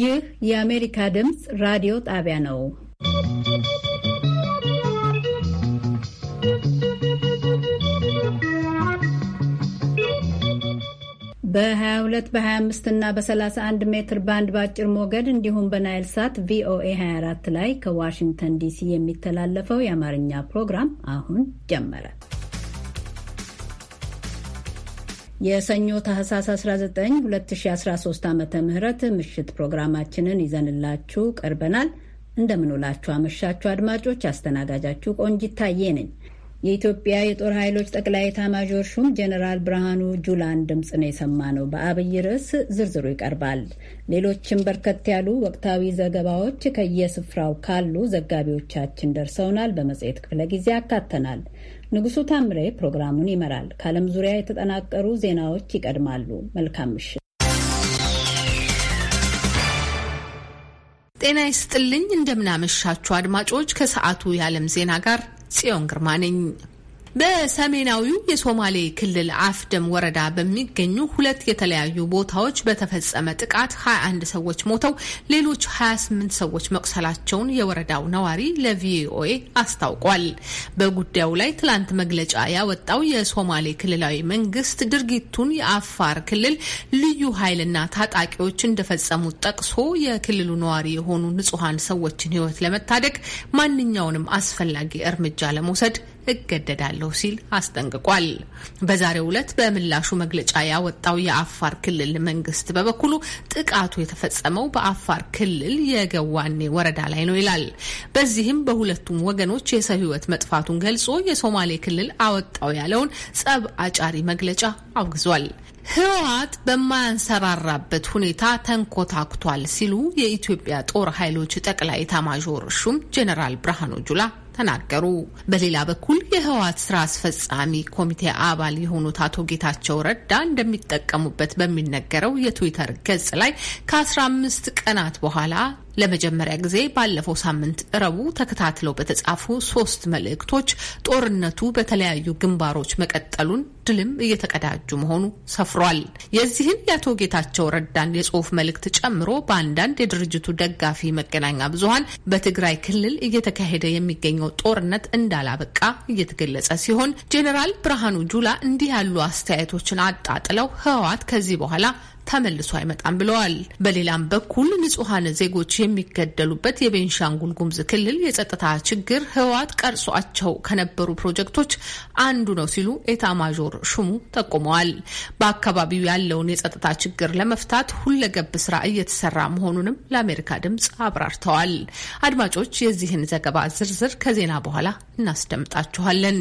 ይህ የአሜሪካ ድምፅ ራዲዮ ጣቢያ ነው። በ22 በ25 እና በ31 ሜትር ባንድ በአጭር ሞገድ እንዲሁም በናይል ሳት ቪኦኤ 24 ላይ ከዋሽንግተን ዲሲ የሚተላለፈው የአማርኛ ፕሮግራም አሁን ጀመረ። የሰኞ ታህሳስ 19 2013 ዓ ም ምሽት ፕሮግራማችንን ይዘንላችሁ ቀርበናል። እንደምንውላችሁ አመሻችሁ አድማጮች። አስተናጋጃችሁ ቆንጂት ታዬ ነኝ። የኢትዮጵያ የጦር ኃይሎች ጠቅላይ ኤታማዦር ሹም ጀኔራል ብርሃኑ ጁላን ድምፅ ነው የሰማነው። በአብይ ርዕስ ዝርዝሩ ይቀርባል። ሌሎችም በርከት ያሉ ወቅታዊ ዘገባዎች ከየስፍራው ካሉ ዘጋቢዎቻችን ደርሰውናል። በመጽሔት ክፍለ ጊዜ ያካተናል። ንጉሱ ታምሬ ፕሮግራሙን ይመራል። ከዓለም ዙሪያ የተጠናቀሩ ዜናዎች ይቀድማሉ። መልካም ምሽት። ጤና ይስጥልኝ። እንደምናመሻችሁ አድማጮች፣ ከሰዓቱ የዓለም ዜና ጋር ጽዮን ግርማ ነኝ። በሰሜናዊው የሶማሌ ክልል አፍደም ወረዳ በሚገኙ ሁለት የተለያዩ ቦታዎች በተፈጸመ ጥቃት 21 ሰዎች ሞተው ሌሎች 28 ሰዎች መቁሰላቸውን የወረዳው ነዋሪ ለቪኦኤ አስታውቋል። በጉዳዩ ላይ ትላንት መግለጫ ያወጣው የሶማሌ ክልላዊ መንግስት ድርጊቱን የአፋር ክልል ልዩ ኃይልና ታጣቂዎች እንደፈጸሙት ጠቅሶ የክልሉ ነዋሪ የሆኑ ንጹሐን ሰዎችን ሕይወት ለመታደግ ማንኛውንም አስፈላጊ እርምጃ ለመውሰድ እገደዳለሁ ሲል አስጠንቅቋል። በዛሬው ዕለት በምላሹ መግለጫ ያወጣው የአፋር ክልል መንግስት በበኩሉ ጥቃቱ የተፈጸመው በአፋር ክልል የገዋኔ ወረዳ ላይ ነው ይላል። በዚህም በሁለቱም ወገኖች የሰው ሕይወት መጥፋቱን ገልጾ የሶማሌ ክልል አወጣው ያለውን ጸብ አጫሪ መግለጫ አውግዟል። ህወሓት በማያንሰራራበት ሁኔታ ተንኮታኩቷል ሲሉ የኢትዮጵያ ጦር ኃይሎች ጠቅላይ ኤታማዦር ሹም ጄኔራል ብርሃኑ ጁላ ተናገሩ። በሌላ በኩል የህወሀት ስራ አስፈጻሚ ኮሚቴ አባል የሆኑት አቶ ጌታቸው ረዳ እንደሚጠቀሙበት በሚነገረው የትዊተር ገጽ ላይ ከ15 ቀናት በኋላ ለመጀመሪያ ጊዜ ባለፈው ሳምንት ረቡ ተከታትለው በተጻፉ ሶስት መልእክቶች ጦርነቱ በተለያዩ ግንባሮች መቀጠሉን ድልም እየተቀዳጁ መሆኑ ሰፍሯል። የዚህን የአቶ ጌታቸው ረዳን የጽሁፍ መልእክት ጨምሮ በአንዳንድ የድርጅቱ ደጋፊ መገናኛ ብዙኃን በትግራይ ክልል እየተካሄደ የሚገኘው ጦርነት እንዳላበቃ እየተገለጸ ሲሆን ጄኔራል ብርሃኑ ጁላ እንዲህ ያሉ አስተያየቶችን አጣጥለው ህወሓት ከዚህ በኋላ ተመልሶ አይመጣም ብለዋል። በሌላም በኩል ንጹሐን ዜጎች የሚገደሉበት የቤንሻንጉል ጉምዝ ክልል የጸጥታ ችግር ህወሓት ቀርጿቸው ከነበሩ ፕሮጀክቶች አንዱ ነው ሲሉ ኤታ ማዦር ሹሙ ጠቁመዋል። በአካባቢው ያለውን የጸጥታ ችግር ለመፍታት ሁለገብ ስራ እየተሰራ መሆኑንም ለአሜሪካ ድምጽ አብራርተዋል። አድማጮች የዚህን ዘገባ ዝርዝር ከዜና በኋላ እናስደምጣችኋለን።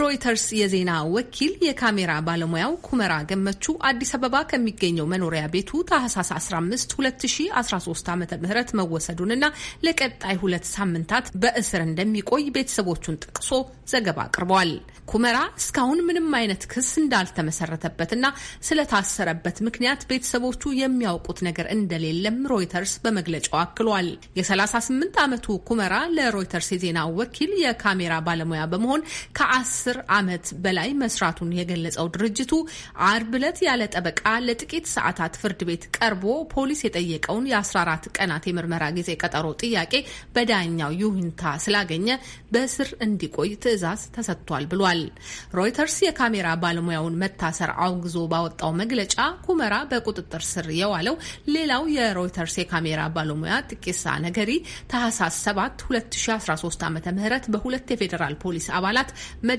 ሮይተርስ የዜና ወኪል የካሜራ ባለሙያው ኩመራ ገመቹ አዲስ አበባ ከሚገኘው መኖሪያ ቤቱ ታህሳስ 15 2013 ዓ ም መወሰዱንና ለቀጣይ ሁለት ሳምንታት በእስር እንደሚቆይ ቤተሰቦቹን ጠቅሶ ዘገባ አቅርበዋል። ኩመራ እስካሁን ምንም አይነት ክስ እንዳልተመሰረተበትና ስለታሰረበት ምክንያት ቤተሰቦቹ የሚያውቁት ነገር እንደሌለም ሮይተርስ በመግለጫው አክሏል። የ38 ዓመቱ ኩመራ ለሮይተርስ የዜና ወኪል የካሜራ ባለሙያ በመሆን ከ ከአስር ዓመት በላይ መስራቱን የገለጸው ድርጅቱ አርብ ዕለት ያለ ጠበቃ ለጥቂት ሰዓታት ፍርድ ቤት ቀርቦ ፖሊስ የጠየቀውን የ14 ቀናት የምርመራ ጊዜ ቀጠሮ ጥያቄ በዳኛው ይሁንታ ስላገኘ በእስር እንዲቆይ ትዕዛዝ ተሰጥቷል ብሏል። ሮይተርስ የካሜራ ባለሙያውን መታሰር አውግዞ ባወጣው መግለጫ ኩመራ በቁጥጥር ስር የዋለው ሌላው የሮይተርስ የካሜራ ባለሙያ ጥቂሳ ነገሪ ታህሳስ 7 2013 ዓ ም በሁለት የፌዴራል ፖሊስ አባላት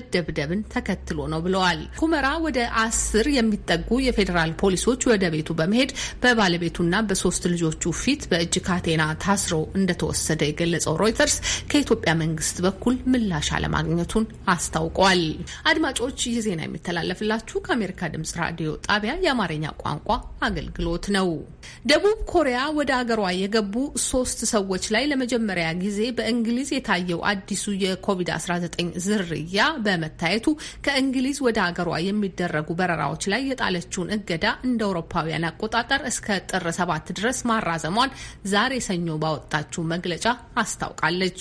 መደብደብን ተከትሎ ነው ብለዋል። ሁመራ ወደ አስር የሚጠጉ የፌዴራል ፖሊሶች ወደ ቤቱ በመሄድ በባለቤቱና በሶስት ልጆቹ ፊት በእጅ ካቴና ታስሮ እንደተወሰደ የገለጸው ሮይተርስ ከኢትዮጵያ መንግስት በኩል ምላሽ አለማግኘቱን አስታውቋል። አድማጮች፣ ይህ ዜና የሚተላለፍላችሁ ከአሜሪካ ድምጽ ራዲዮ ጣቢያ የአማርኛ ቋንቋ አገልግሎት ነው። ደቡብ ኮሪያ ወደ አገሯ የገቡ ሶስት ሰዎች ላይ ለመጀመሪያ ጊዜ በእንግሊዝ የታየው አዲሱ የኮቪድ-19 ዝርያ በ በመታየቱ ከእንግሊዝ ወደ አገሯ የሚደረጉ በረራዎች ላይ የጣለችውን እገዳ እንደ አውሮፓውያን አቆጣጠር እስከ ጥር ሰባት ድረስ ማራዘሟን ዛሬ ሰኞ ባወጣችው መግለጫ አስታውቃለች።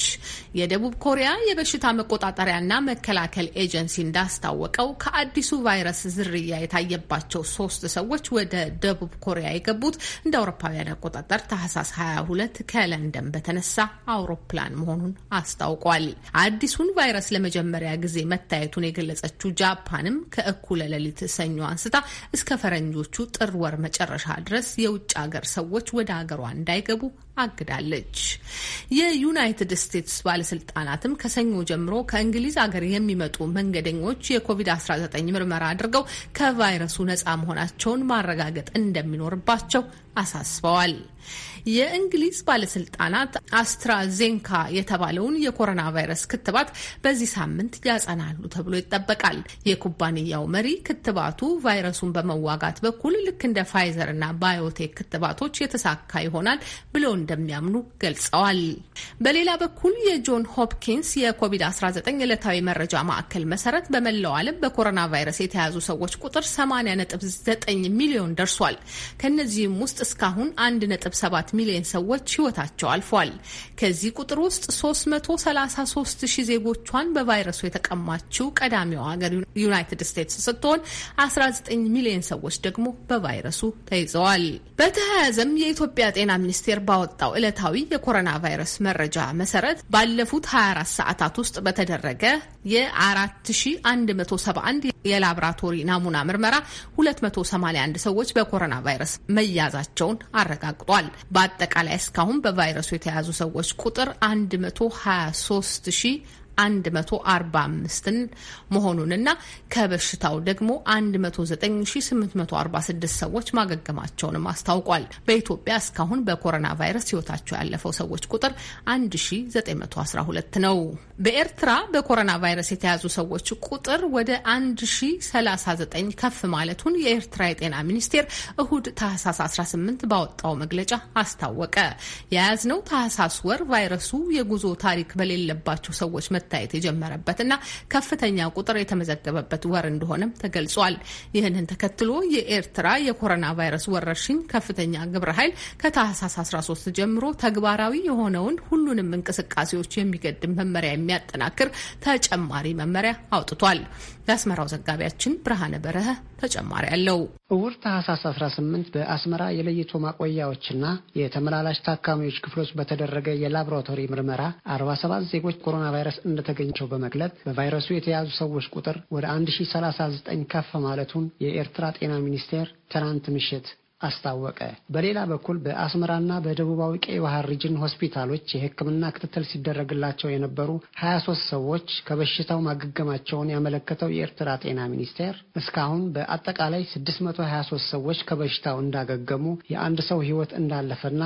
የደቡብ ኮሪያ የበሽታ መቆጣጠሪያና መከላከል ኤጀንሲ እንዳስታወቀው ከአዲሱ ቫይረስ ዝርያ የታየባቸው ሶስት ሰዎች ወደ ደቡብ ኮሪያ የገቡት እንደ አውሮፓውያን አቆጣጠር ታህሳስ 22 ከለንደን በተነሳ አውሮፕላን መሆኑን አስታውቋል። አዲሱን ቫይረስ ለመጀመሪያ ጊዜ መ መታየቱን የገለጸችው ጃፓንም ከእኩለ ሌሊት ሰኞ አንስታ እስከ ፈረንጆቹ ጥር ወር መጨረሻ ድረስ የውጭ ሀገር ሰዎች ወደ ሀገሯ እንዳይገቡ አግዳለች። የዩናይትድ ስቴትስ ባለስልጣናትም ከሰኞ ጀምሮ ከእንግሊዝ አገር የሚመጡ መንገደኞች የኮቪድ-19 ምርመራ አድርገው ከቫይረሱ ነጻ መሆናቸውን ማረጋገጥ እንደሚኖርባቸው አሳስበዋል። የእንግሊዝ ባለስልጣናት አስትራዜንካ የተባለውን የኮሮና ቫይረስ ክትባት በዚህ ሳምንት ያጸናሉ ተብሎ ይጠበቃል። የኩባንያው መሪ ክትባቱ ቫይረሱን በመዋጋት በኩል ልክ እንደ ፋይዘር እና ባዮቴክ ክትባቶች የተሳካ ይሆናል ብለው እንደሚያምኑ ገልጸዋል። በሌላ በኩል የጆን ሆፕኪንስ የኮቪድ-19 ዕለታዊ መረጃ ማዕከል መሰረት በመላው ዓለም በኮሮና ቫይረስ የተያዙ ሰዎች ቁጥር 80.9 ሚሊዮን ደርሷል። ከእነዚህም ውስጥ እስካሁን 1.7 ሚሊዮን ሰዎች ሕይወታቸው አልፏል። ከዚህ ቁጥር ውስጥ 333 ሺህ ዜጎቿን በቫይረሱ የተቀማችው ቀዳሚዋ ሀገር ዩናይትድ ስቴትስ ስትሆን 19 ሚሊዮን ሰዎች ደግሞ በቫይረሱ ተይዘዋል። በተያያዘም የኢትዮጵያ ጤና ሚኒስቴር ባወጣ ባወጣው ዕለታዊ የኮሮና ቫይረስ መረጃ መሰረት ባለፉት 24 ሰዓታት ውስጥ በተደረገ የ4171 የላብራቶሪ ናሙና ምርመራ 281 ሰዎች በኮሮና ቫይረስ መያዛቸውን አረጋግጧል። በአጠቃላይ እስካሁን በቫይረሱ የተያዙ ሰዎች ቁጥር 123 145ን መሆኑንና ከበሽታው ደግሞ 109846 ሰዎች ማገገማቸውንም አስታውቋል። በኢትዮጵያ እስካሁን በኮሮና ቫይረስ ህይወታቸው ያለፈው ሰዎች ቁጥር 1912 ነው። በኤርትራ በኮሮና ቫይረስ የተያዙ ሰዎች ቁጥር ወደ 1039 ከፍ ማለቱን የኤርትራ የጤና ሚኒስቴር እሁድ ታህሳስ 18 ባወጣው መግለጫ አስታወቀ። የያዝነው ታህሳስ ወር ቫይረሱ የጉዞ ታሪክ በሌለባቸው ሰዎች መ መታየት የጀመረበት እና ከፍተኛ ቁጥር የተመዘገበበት ወር እንደሆነም ተገልጿል። ይህንን ተከትሎ የኤርትራ የኮሮና ቫይረስ ወረርሽኝ ከፍተኛ ግብረ ኃይል ከታህሳስ 13 ጀምሮ ተግባራዊ የሆነውን ሁሉንም እንቅስቃሴዎች የሚገድም መመሪያ የሚያጠናክር ተጨማሪ መመሪያ አውጥቷል። የአስመራው ዘጋቢያችን ብርሃነ በረሀ ተጨማሪ አለው። እውር ታህሳስ 18 በአስመራ የለይቶ ማቆያዎችና የተመላላሽ ታካሚዎች ክፍሎች በተደረገ የላቦራቶሪ ምርመራ 47 ዜጎች ኮሮና ቫይረስ እንደተገኘቸው በመግለጽ በቫይረሱ የተያዙ ሰዎች ቁጥር ወደ 1039 ከፍ ማለቱን የኤርትራ ጤና ሚኒስቴር ትናንት ምሽት አስታወቀ። በሌላ በኩል በአስመራና በደቡባዊ ቀይ ባህር ሪጅን ሆስፒታሎች የሕክምና ክትትል ሲደረግላቸው የነበሩ 23 ሰዎች ከበሽታው ማገገማቸውን ያመለከተው የኤርትራ ጤና ሚኒስቴር እስካሁን በአጠቃላይ ሶስት ሰዎች ከበሽታው እንዳገገሙ፣ የአንድ ሰው ህይወት እንዳለፈና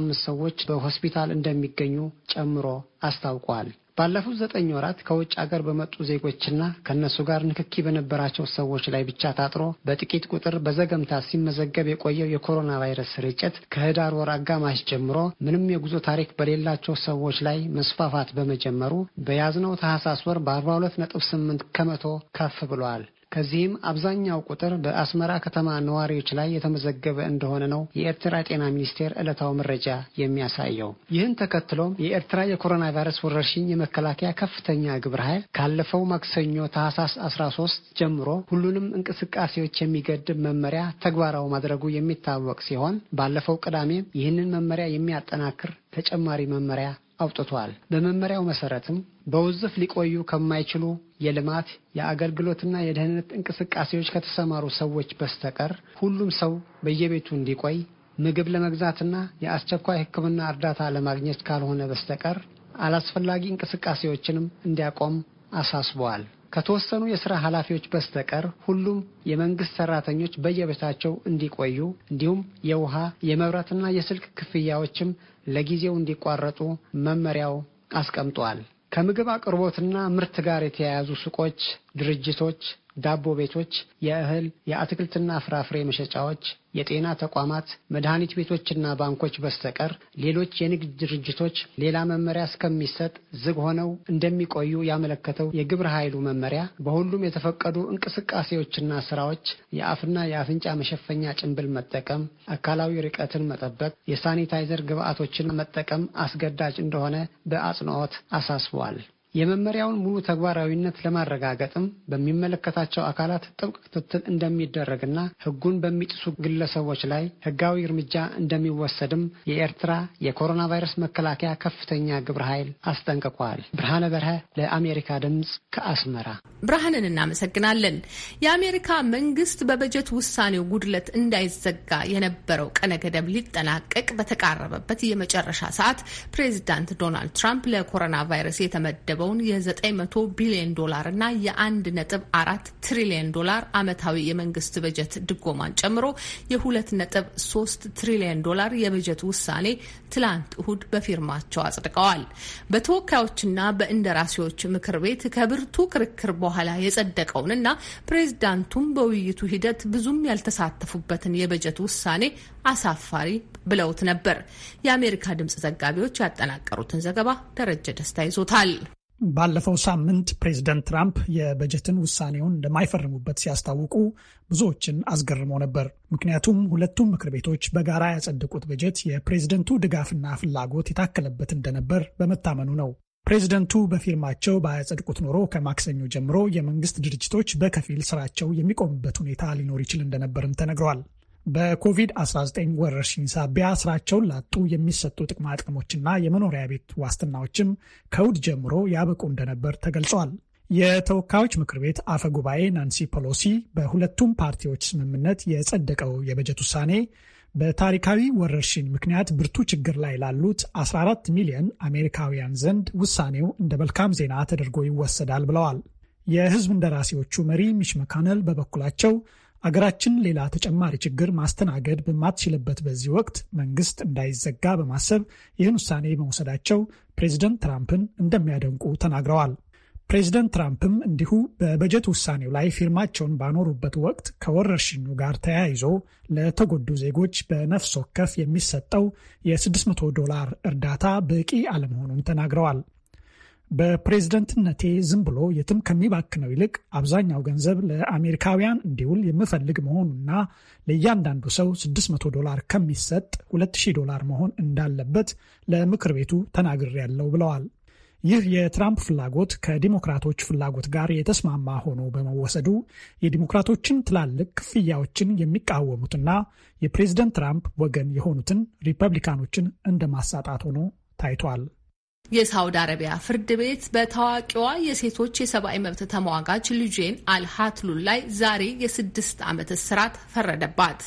አምስት ሰዎች በሆስፒታል እንደሚገኙ ጨምሮ አስታውቋል። ባለፉት ዘጠኝ ወራት ከውጭ ሀገር በመጡ ዜጎችና ከእነሱ ጋር ንክኪ በነበራቸው ሰዎች ላይ ብቻ ታጥሮ በጥቂት ቁጥር በዘገምታ ሲመዘገብ የቆየው የኮሮና ቫይረስ ስርጭት ከህዳር ወር አጋማሽ ጀምሮ ምንም የጉዞ ታሪክ በሌላቸው ሰዎች ላይ መስፋፋት በመጀመሩ በያዝነው ታህሳስ ወር በ ሁለት ነጥብ ስምንት ከመቶ ከፍ ብሏል። ከዚህም አብዛኛው ቁጥር በአስመራ ከተማ ነዋሪዎች ላይ የተመዘገበ እንደሆነ ነው የኤርትራ ጤና ሚኒስቴር ዕለታው መረጃ የሚያሳየው። ይህን ተከትሎም የኤርትራ የኮሮና ቫይረስ ወረርሽኝ የመከላከያ ከፍተኛ ግብረ ኃይል ካለፈው ማክሰኞ ታህሳስ 13 ጀምሮ ሁሉንም እንቅስቃሴዎች የሚገድብ መመሪያ ተግባራዊ ማድረጉ የሚታወቅ ሲሆን ባለፈው ቅዳሜም ይህንን መመሪያ የሚያጠናክር ተጨማሪ መመሪያ አውጥቷል። በመመሪያው መሰረትም በውዝፍ ሊቆዩ ከማይችሉ የልማት የአገልግሎትና የደህንነት እንቅስቃሴዎች ከተሰማሩ ሰዎች በስተቀር ሁሉም ሰው በየቤቱ እንዲቆይ ምግብ ለመግዛትና የአስቸኳይ ሕክምና እርዳታ ለማግኘት ካልሆነ በስተቀር አላስፈላጊ እንቅስቃሴዎችንም እንዲያቆም አሳስበዋል። ከተወሰኑ የስራ ኃላፊዎች በስተቀር ሁሉም የመንግስት ሰራተኞች በየቤታቸው እንዲቆዩ እንዲሁም የውሃ የመብራትና የስልክ ክፍያዎችም ለጊዜው እንዲቋረጡ መመሪያው አስቀምጧል። ከምግብ አቅርቦትና ምርት ጋር የተያያዙ ሱቆች፣ ድርጅቶች ዳቦ ቤቶች፣ የእህል የአትክልትና ፍራፍሬ መሸጫዎች፣ የጤና ተቋማት፣ መድኃኒት ቤቶችና ባንኮች በስተቀር ሌሎች የንግድ ድርጅቶች ሌላ መመሪያ እስከሚሰጥ ዝግ ሆነው እንደሚቆዩ ያመለከተው የግብረ ኃይሉ መመሪያ በሁሉም የተፈቀዱ እንቅስቃሴዎችና ስራዎች የአፍና የአፍንጫ መሸፈኛ ጭንብል መጠቀም፣ አካላዊ ርቀትን መጠበቅ፣ የሳኒታይዘር ግብዓቶችን መጠቀም አስገዳጅ እንደሆነ በአጽንኦት አሳስቧል። የመመሪያውን ሙሉ ተግባራዊነት ለማረጋገጥም በሚመለከታቸው አካላት ጥብቅ ክትትል እንደሚደረግና ሕጉን በሚጥሱ ግለሰቦች ላይ ሕጋዊ እርምጃ እንደሚወሰድም የኤርትራ የኮሮና ቫይረስ መከላከያ ከፍተኛ ግብረ ኃይል አስጠንቅቋል። ብርሃነ በርሀ ለአሜሪካ ድምፅ ከአስመራ። ብርሃንን እናመሰግናለን። የአሜሪካ መንግስት በበጀት ውሳኔው ጉድለት እንዳይዘጋ የነበረው ቀነ ገደብ ሊጠናቀቅ በተቃረበበት የመጨረሻ ሰዓት ፕሬዚዳንት ዶናልድ ትራምፕ ለኮሮና ቫይረስ የተመደበው የሚቀርበውን የ900 ቢሊዮን ዶላር እና የ1.4 ትሪሊዮን ዶላር አመታዊ የመንግስት በጀት ድጎማን ጨምሮ የ2.3 ትሪሊዮን ዶላር የበጀት ውሳኔ ትላንት እሁድ በፊርማቸው አጽድቀዋል። በተወካዮችና በእንደራሴዎች ምክር ቤት ከብርቱ ክርክር በኋላ የጸደቀውንና ፕሬዚዳንቱም በውይይቱ ሂደት ብዙም ያልተሳተፉበትን የበጀት ውሳኔ አሳፋሪ ብለውት ነበር። የአሜሪካ ድምፅ ዘጋቢዎች ያጠናቀሩትን ዘገባ ደረጀ ደስታ ይዞታል። ባለፈው ሳምንት ፕሬዚደንት ትራምፕ የበጀትን ውሳኔውን እንደማይፈርሙበት ሲያስታውቁ ብዙዎችን አስገርሞ ነበር። ምክንያቱም ሁለቱም ምክር ቤቶች በጋራ ያጸደቁት በጀት የፕሬዝደንቱ ድጋፍና ፍላጎት የታከለበት እንደነበር በመታመኑ ነው። ፕሬዝደንቱ በፊርማቸው ባያጸድቁት ኖሮ ከማክሰኞ ጀምሮ የመንግስት ድርጅቶች በከፊል ስራቸው የሚቆምበት ሁኔታ ሊኖር ይችል እንደነበርም ተነግሯል። በኮቪድ-19 ወረርሽኝ ሳቢያ ስራቸውን ላጡ የሚሰጡ ጥቅማጥቅሞችና የመኖሪያ ቤት ዋስትናዎችም ከእሁድ ጀምሮ ያበቁ እንደነበር ተገልጿል። የተወካዮች ምክር ቤት አፈ ጉባኤ ናንሲ ፔሎሲ በሁለቱም ፓርቲዎች ስምምነት የጸደቀው የበጀት ውሳኔ በታሪካዊ ወረርሽኝ ምክንያት ብርቱ ችግር ላይ ላሉት 14 ሚሊዮን አሜሪካውያን ዘንድ ውሳኔው እንደ መልካም ዜና ተደርጎ ይወሰዳል ብለዋል። የህዝብ እንደራሴዎቹ መሪ ሚች መካነል በበኩላቸው አገራችን ሌላ ተጨማሪ ችግር ማስተናገድ በማትችልበት በዚህ ወቅት መንግስት እንዳይዘጋ በማሰብ ይህን ውሳኔ በመውሰዳቸው ፕሬዚደንት ትራምፕን እንደሚያደንቁ ተናግረዋል። ፕሬዚደንት ትራምፕም እንዲሁ በበጀት ውሳኔው ላይ ፊርማቸውን ባኖሩበት ወቅት ከወረርሽኙ ጋር ተያይዞ ለተጎዱ ዜጎች በነፍስ ወከፍ የሚሰጠው የ600 ዶላር እርዳታ በቂ አለመሆኑን ተናግረዋል። በፕሬዝደንትነቴ ዝም ብሎ የትም ከሚባክነው ይልቅ አብዛኛው ገንዘብ ለአሜሪካውያን እንዲውል የምፈልግ መሆኑና ለእያንዳንዱ ሰው 600 ዶላር ከሚሰጥ 2000 ዶላር መሆን እንዳለበት ለምክር ቤቱ ተናግሬያለሁ ብለዋል። ይህ የትራምፕ ፍላጎት ከዲሞክራቶች ፍላጎት ጋር የተስማማ ሆኖ በመወሰዱ የዲሞክራቶችን ትላልቅ ክፍያዎችን የሚቃወሙትና የፕሬዝደንት ትራምፕ ወገን የሆኑትን ሪፐብሊካኖችን እንደ ማሳጣት ሆኖ ታይቷል። የሳውዲ አረቢያ ፍርድ ቤት በታዋቂዋ የሴቶች የሰብአዊ መብት ተሟጋች ልጄን አልሃትሉል ላይ ዛሬ የስድስት ዓመት እስራት ፈረደባት።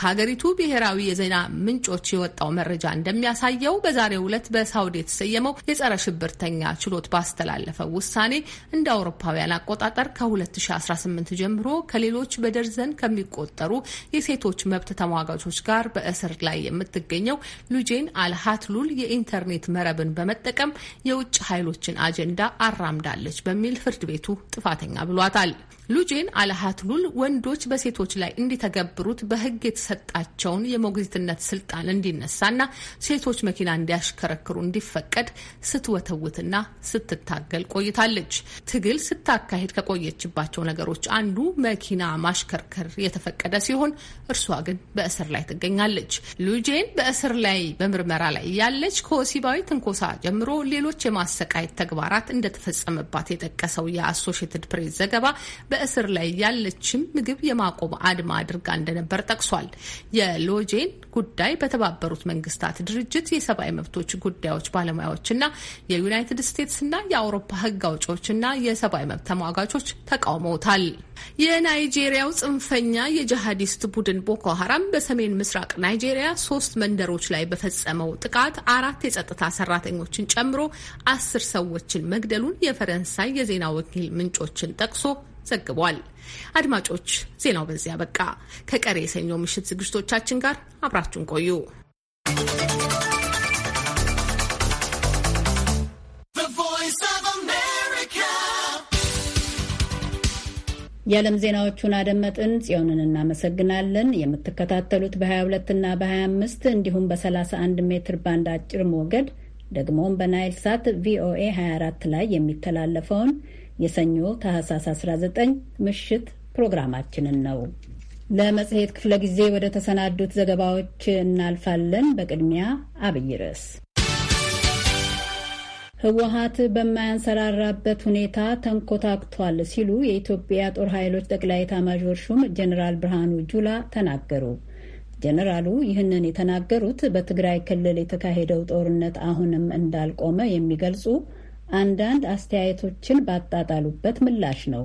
ከሀገሪቱ ብሔራዊ የዜና ምንጮች የወጣው መረጃ እንደሚያሳየው በዛሬው ዕለት በሳውዲ የተሰየመው የጸረ ሽብርተኛ ችሎት ባስተላለፈው ውሳኔ እንደ አውሮፓውያን አቆጣጠር ከ2018 ጀምሮ ከሌሎች በደርዘን ከሚቆጠሩ የሴቶች መብት ተሟጋቾች ጋር በእስር ላይ የምትገኘው ልጄን አልሃትሉል የኢንተርኔት መረብን በመጠቀም በመጠቀም የውጭ ኃይሎችን አጀንዳ አራምዳለች በሚል ፍርድ ቤቱ ጥፋተኛ ብሏታል። ሉጂን አልሃትሉል ወንዶች በሴቶች ላይ እንዲተገብሩት በሕግ የተሰጣቸውን የሞግዚትነት ስልጣን እንዲነሳና ሴቶች መኪና እንዲያሽከረክሩ እንዲፈቀድ ስትወተውትና ስትታገል ቆይታለች። ትግል ስታካሄድ ከቆየችባቸው ነገሮች አንዱ መኪና ማሽከርከር የተፈቀደ ሲሆን እርሷ ግን በእስር ላይ ትገኛለች። ሉጄን በእስር ላይ በምርመራ ላይ ያለች ከወሲባዊ ትንኮሳ ጀምሮ ጨምሮ ሌሎች የማሰቃየት ተግባራት እንደተፈጸመባት የጠቀሰው የአሶሽትድ ፕሬስ ዘገባ በእስር ላይ ያለችም ምግብ የማቆም አድማ አድርጋ እንደነበር ጠቅሷል። የሎጄን ጉዳይ በተባበሩት መንግስታት ድርጅት የሰብአዊ መብቶች ጉዳዮች ባለሙያዎችና የዩናይትድ ስቴትስና የአውሮፓ ህግ አውጪዎችና የሰብአዊ መብት ተሟጋቾች ተቃውመውታል። የናይጄሪያው ጽንፈኛ የጂሃዲስት ቡድን ቦኮ ሀራም በሰሜን ምስራቅ ናይጄሪያ ሶስት መንደሮች ላይ በፈጸመው ጥቃት አራት የጸጥታ ሰራተኞችን ጨምሮ አስር ሰዎችን መግደሉን የፈረንሳይ የዜና ወኪል ምንጮችን ጠቅሶ ዘግቧል። አድማጮች፣ ዜናው በዚያ በቃ። ከቀሪ የሰኞ ምሽት ዝግጅቶቻችን ጋር አብራችሁን ቆዩ። የዓለም ዜናዎቹን አደመጥን። ጽዮንን እናመሰግናለን። የምትከታተሉት በ22 እና በ25 እንዲሁም በ31 ሜትር ባንድ አጭር ሞገድ ደግሞም በናይል ሳት ቪኦኤ 24 ላይ የሚተላለፈውን የሰኞ ታህሳስ 19 ምሽት ፕሮግራማችንን ነው። ለመጽሔት ክፍለ ጊዜ ወደ ተሰናዱት ዘገባዎች እናልፋለን። በቅድሚያ አብይ ርዕስ ህወሀት በማያንሰራራበት ሁኔታ ተንኮታክቷል ሲሉ የኢትዮጵያ ጦር ኃይሎች ጠቅላይ ኤታማዦር ሹም ጀኔራል ብርሃኑ ጁላ ተናገሩ። ጀኔራሉ ይህንን የተናገሩት በትግራይ ክልል የተካሄደው ጦርነት አሁንም እንዳልቆመ የሚገልጹ አንዳንድ አስተያየቶችን ባጣጣሉበት ምላሽ ነው።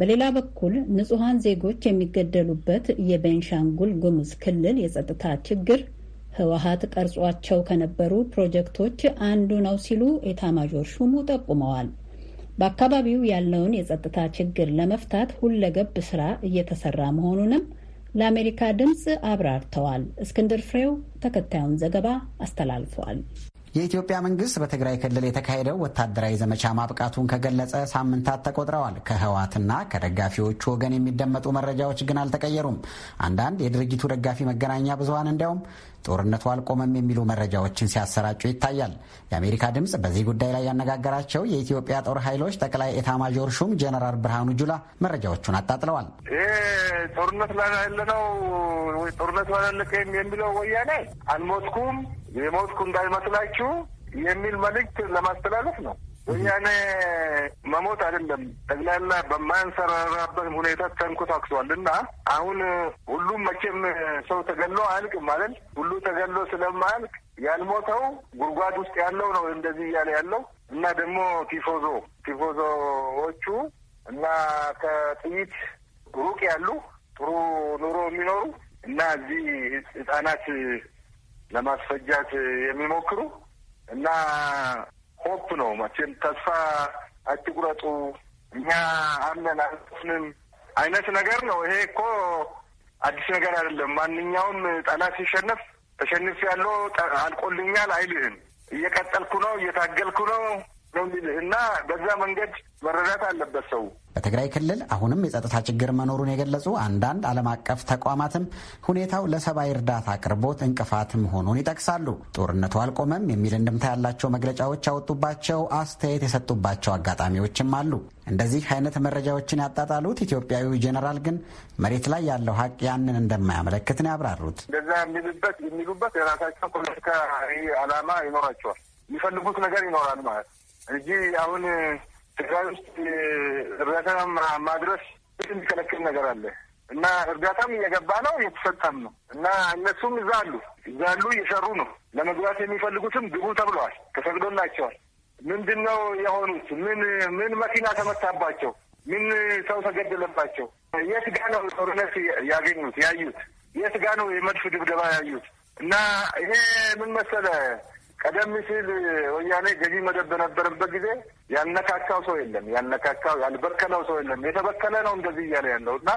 በሌላ በኩል ንጹሐን ዜጎች የሚገደሉበት የቤንሻንጉል ጉሙዝ ክልል የጸጥታ ችግር ህወሀት ቀርጿቸው ከነበሩ ፕሮጀክቶች አንዱ ነው ሲሉ ኤታማዦር ሹሙ ጠቁመዋል። በአካባቢው ያለውን የጸጥታ ችግር ለመፍታት ሁለገብ ስራ እየተሰራ መሆኑንም ለአሜሪካ ድምፅ አብራርተዋል። እስክንድር ፍሬው ተከታዩን ዘገባ አስተላልፏል። የኢትዮጵያ መንግስት በትግራይ ክልል የተካሄደው ወታደራዊ ዘመቻ ማብቃቱን ከገለጸ ሳምንታት ተቆጥረዋል። ከህወሓትና ከደጋፊዎቹ ወገን የሚደመጡ መረጃዎች ግን አልተቀየሩም። አንዳንድ የድርጅቱ ደጋፊ መገናኛ ብዙሀን እንዲያውም ጦርነቱ አልቆመም የሚሉ መረጃዎችን ሲያሰራጩ ይታያል። የአሜሪካ ድምፅ በዚህ ጉዳይ ላይ ያነጋገራቸው የኢትዮጵያ ጦር ኃይሎች ጠቅላይ ማዦር ሹም ጀነራል ብርሃኑ ጁላ መረጃዎቹን አጣጥለዋል። ይህ ጦርነት ላይ ያለነው ወይ ጦርነቱ አላለቀም የሚለው ወያኔ አልሞትኩም የሞትኩ እንዳይመስላችሁ የሚል መልእክት ለማስተላለፍ ነው። ወያኔ መሞት አይደለም ጠቅላላ በማንሰራራበት ሁኔታ ተንኮታክሷል እና አሁን ሁሉም መቼም ሰው ተገሎ አያልቅም ማለት ሁሉ ተገሎ ስለማያልቅ ያልሞተው ጉድጓድ ውስጥ ያለው ነው እንደዚህ እያለ ያለው እና ደግሞ ቲፎዞ ቲፎዞዎቹ እና ከጥይት ሩቅ ያሉ ጥሩ ኑሮ የሚኖሩ እና እዚህ ህጻናት ለማስፈጃት የሚሞክሩ እና ሆፕ ነው መቼም ተስፋ አትቁረጡ፣ እኛ አምነን አልንም አይነት ነገር ነው። ይሄ እኮ አዲስ ነገር አይደለም። ማንኛውም ጠላት ሲሸነፍ ተሸንፍ ያለው አልቆልኛል አይልህም። እየቀጠልኩ ነው፣ እየታገልኩ ነው ነው የሚልህ እና በዛ መንገድ መረዳት አለበት ሰው። በትግራይ ክልል አሁንም የጸጥታ ችግር መኖሩን የገለጹ አንዳንድ ዓለም አቀፍ ተቋማትም ሁኔታው ለሰብአዊ እርዳታ አቅርቦት እንቅፋት መሆኑን ይጠቅሳሉ። ጦርነቱ አልቆመም የሚል እንድምታ ያላቸው መግለጫዎች ያወጡባቸው፣ አስተያየት የሰጡባቸው አጋጣሚዎችም አሉ። እንደዚህ አይነት መረጃዎችን ያጣጣሉት ኢትዮጵያዊ ጄኔራል ግን መሬት ላይ ያለው ሀቅ ያንን እንደማያመለክት ነው ያብራሩት። እንደዛ የሚሉበት የሚሉበት የራሳቸው ፖለቲካ ዓላማ ይኖራቸዋል። የሚፈልጉት ነገር ይኖራል ማለት እንጂ አሁን ትግራይ ውስጥ እርዳታ ማድረስ የሚከለክል ነገር አለ እና እርዳታም እየገባ ነው እየተሰጠም ነው እና እነሱም እዛ አሉ እዛ አሉ እየሰሩ ነው። ለመግባት የሚፈልጉትም ግቡ ተብለዋል፣ ተፈቅዶላቸዋል። ምንድን ነው የሆኑት? ምን ምን መኪና ተመታባቸው? ምን ሰው ተገደለባቸው? የት ጋ ነው ጦርነት ያገኙት ያዩት? የት ጋ ነው የመድፍ ድብደባ ያዩት? እና ይሄ ምን መሰለ ቀደም ሲል ወያኔ ገዢ መደብ በነበረበት ጊዜ ያነካካው ሰው የለም፣ ያነካካው ያልበከለው ሰው የለም። የተበከለ ነው እንደዚህ እያለ ያለው እና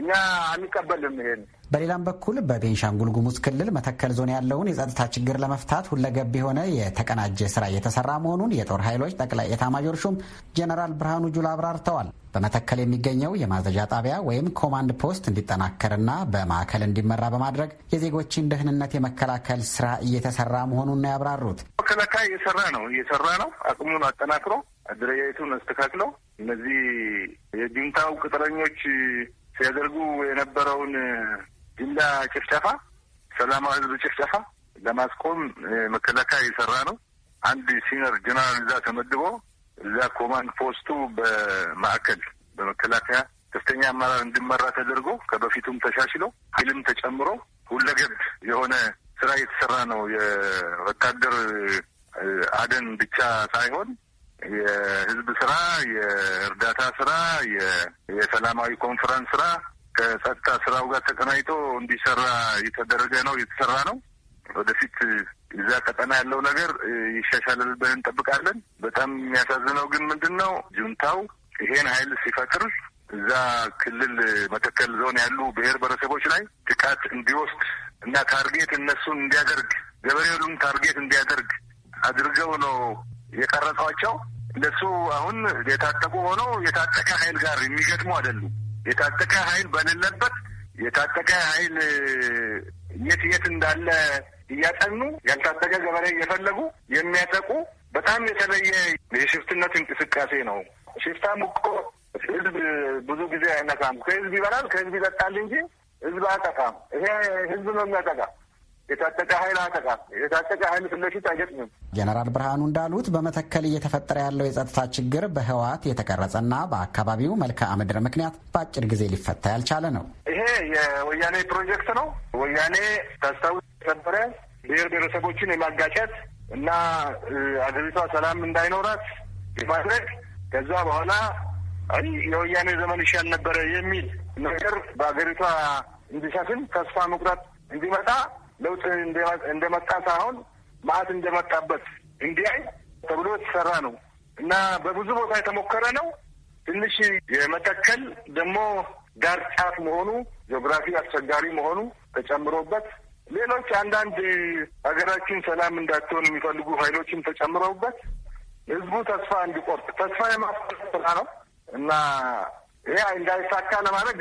እኛ አንቀበልም ይሄን። በሌላም በኩል በቤንሻንጉል ጉሙዝ ክልል መተከል ዞን ያለውን የጸጥታ ችግር ለመፍታት ሁለገብ የሆነ የተቀናጀ ስራ እየተሰራ መሆኑን የጦር ኃይሎች ጠቅላይ ኤታማዦር ሹም ጀነራል ብርሃኑ ጁላ አብራርተዋል። በመተከል የሚገኘው የማዘዣ ጣቢያ ወይም ኮማንድ ፖስት እንዲጠናከርና በማዕከል እንዲመራ በማድረግ የዜጎችን ደህንነት የመከላከል ስራ እየተሰራ መሆኑን ነው ያብራሩት። መከላከያ እየሰራ ነው እየሰራ ነው አቅሙን አጠናክሮ አደረጃጀቱን አስተካክለው እነዚህ የጁንታው ቅጥረኞች ሲያደርጉ የነበረውን ጅምላ ጭፍጨፋ፣ ሰላማዊ ህዝብ ጭፍጨፋ ለማስቆም መከላከያ እየሰራ ነው። አንድ ሲነር ጀነራል እዛ ተመድቦ እዛ ኮማንድ ፖስቱ በማዕከል በመከላከያ ከፍተኛ አመራር እንዲመራ ተደርጎ ከበፊቱም ተሻሽሎ ኃይልም ተጨምሮ ሁለገብ የሆነ ስራ እየተሰራ ነው። የወታደር አደን ብቻ ሳይሆን የህዝብ ስራ፣ የእርዳታ ስራ፣ የሰላማዊ ኮንፈረንስ ስራ ከጸጥታ ስራው ጋር ተቀናይቶ እንዲሰራ የተደረገ ነው የተሰራ ነው። ወደፊት እዛ ቀጠና ያለው ነገር ይሻሻላል ብለን እንጠብቃለን። በጣም የሚያሳዝነው ግን ምንድን ነው ጁንታው ይሄን ሀይል ሲፈጥር እዛ ክልል መተከል ዞን ያሉ ብሔር ብሔረሰቦች ላይ ጥቃት እንዲወስድ እና ታርጌት እነሱን እንዲያደርግ ገበሬውን ታርጌት እንዲያደርግ አድርገው ነው የቀረጿቸው እነሱ አሁን የታጠቁ ሆነው የታጠቀ ኃይል ጋር የሚገጥሙ አይደሉም። የታጠቀ ኃይል በሌለበት የታጠቀ ኃይል የት የት እንዳለ እያጠኑ ያልታጠቀ ገበሬ እየፈለጉ የሚያጠቁ በጣም የተለየ የሽፍትነት እንቅስቃሴ ነው። ሽፍታም እኮ ህዝብ ብዙ ጊዜ አይነካም። ከህዝብ ይበላል፣ ከህዝብ ይጠጣል እንጂ ህዝብ አያጠቃም። ይሄ ህዝብ ነው የሚያጠቃ የታጠቀ ኃይል አጠቃ የታጠቀ ኃይል ፊት ለፊት አይገጥምም። ጀነራል ብርሃኑ እንዳሉት በመተከል እየተፈጠረ ያለው የጸጥታ ችግር በህወሓት የተቀረጸና በአካባቢው መልክዓ ምድር ምክንያት በአጭር ጊዜ ሊፈታ ያልቻለ ነው። ይሄ የወያኔ ፕሮጀክት ነው። ወያኔ ታስታውስ የነበረ ብሔር ብሔረሰቦችን የማጋጨት እና አገሪቷ ሰላም እንዳይኖራት የማድረግ ከዛ በኋላ አይ የወያኔ ዘመን ይሻል ነበረ የሚል ነገር በአገሪቷ እንዲሰፍን ተስፋ መቁረጥ እንዲመጣ ለውጥ እንደመጣ ሳይሆን ማዕት እንደመጣበት እንዲያይ ተብሎ የተሰራ ነው እና በብዙ ቦታ የተሞከረ ነው። ትንሽ የመተከል ደግሞ ዳር ጫፍ መሆኑ ጂኦግራፊ አስቸጋሪ መሆኑ ተጨምሮበት ሌሎች አንዳንድ ሀገራችን ሰላም እንዳትሆን የሚፈልጉ ኃይሎችም ተጨምረውበት ህዝቡ ተስፋ እንዲቆርጥ ተስፋ የማፍ ስራ ነው እና ይሄ እንዳይሳካ ለማድረግ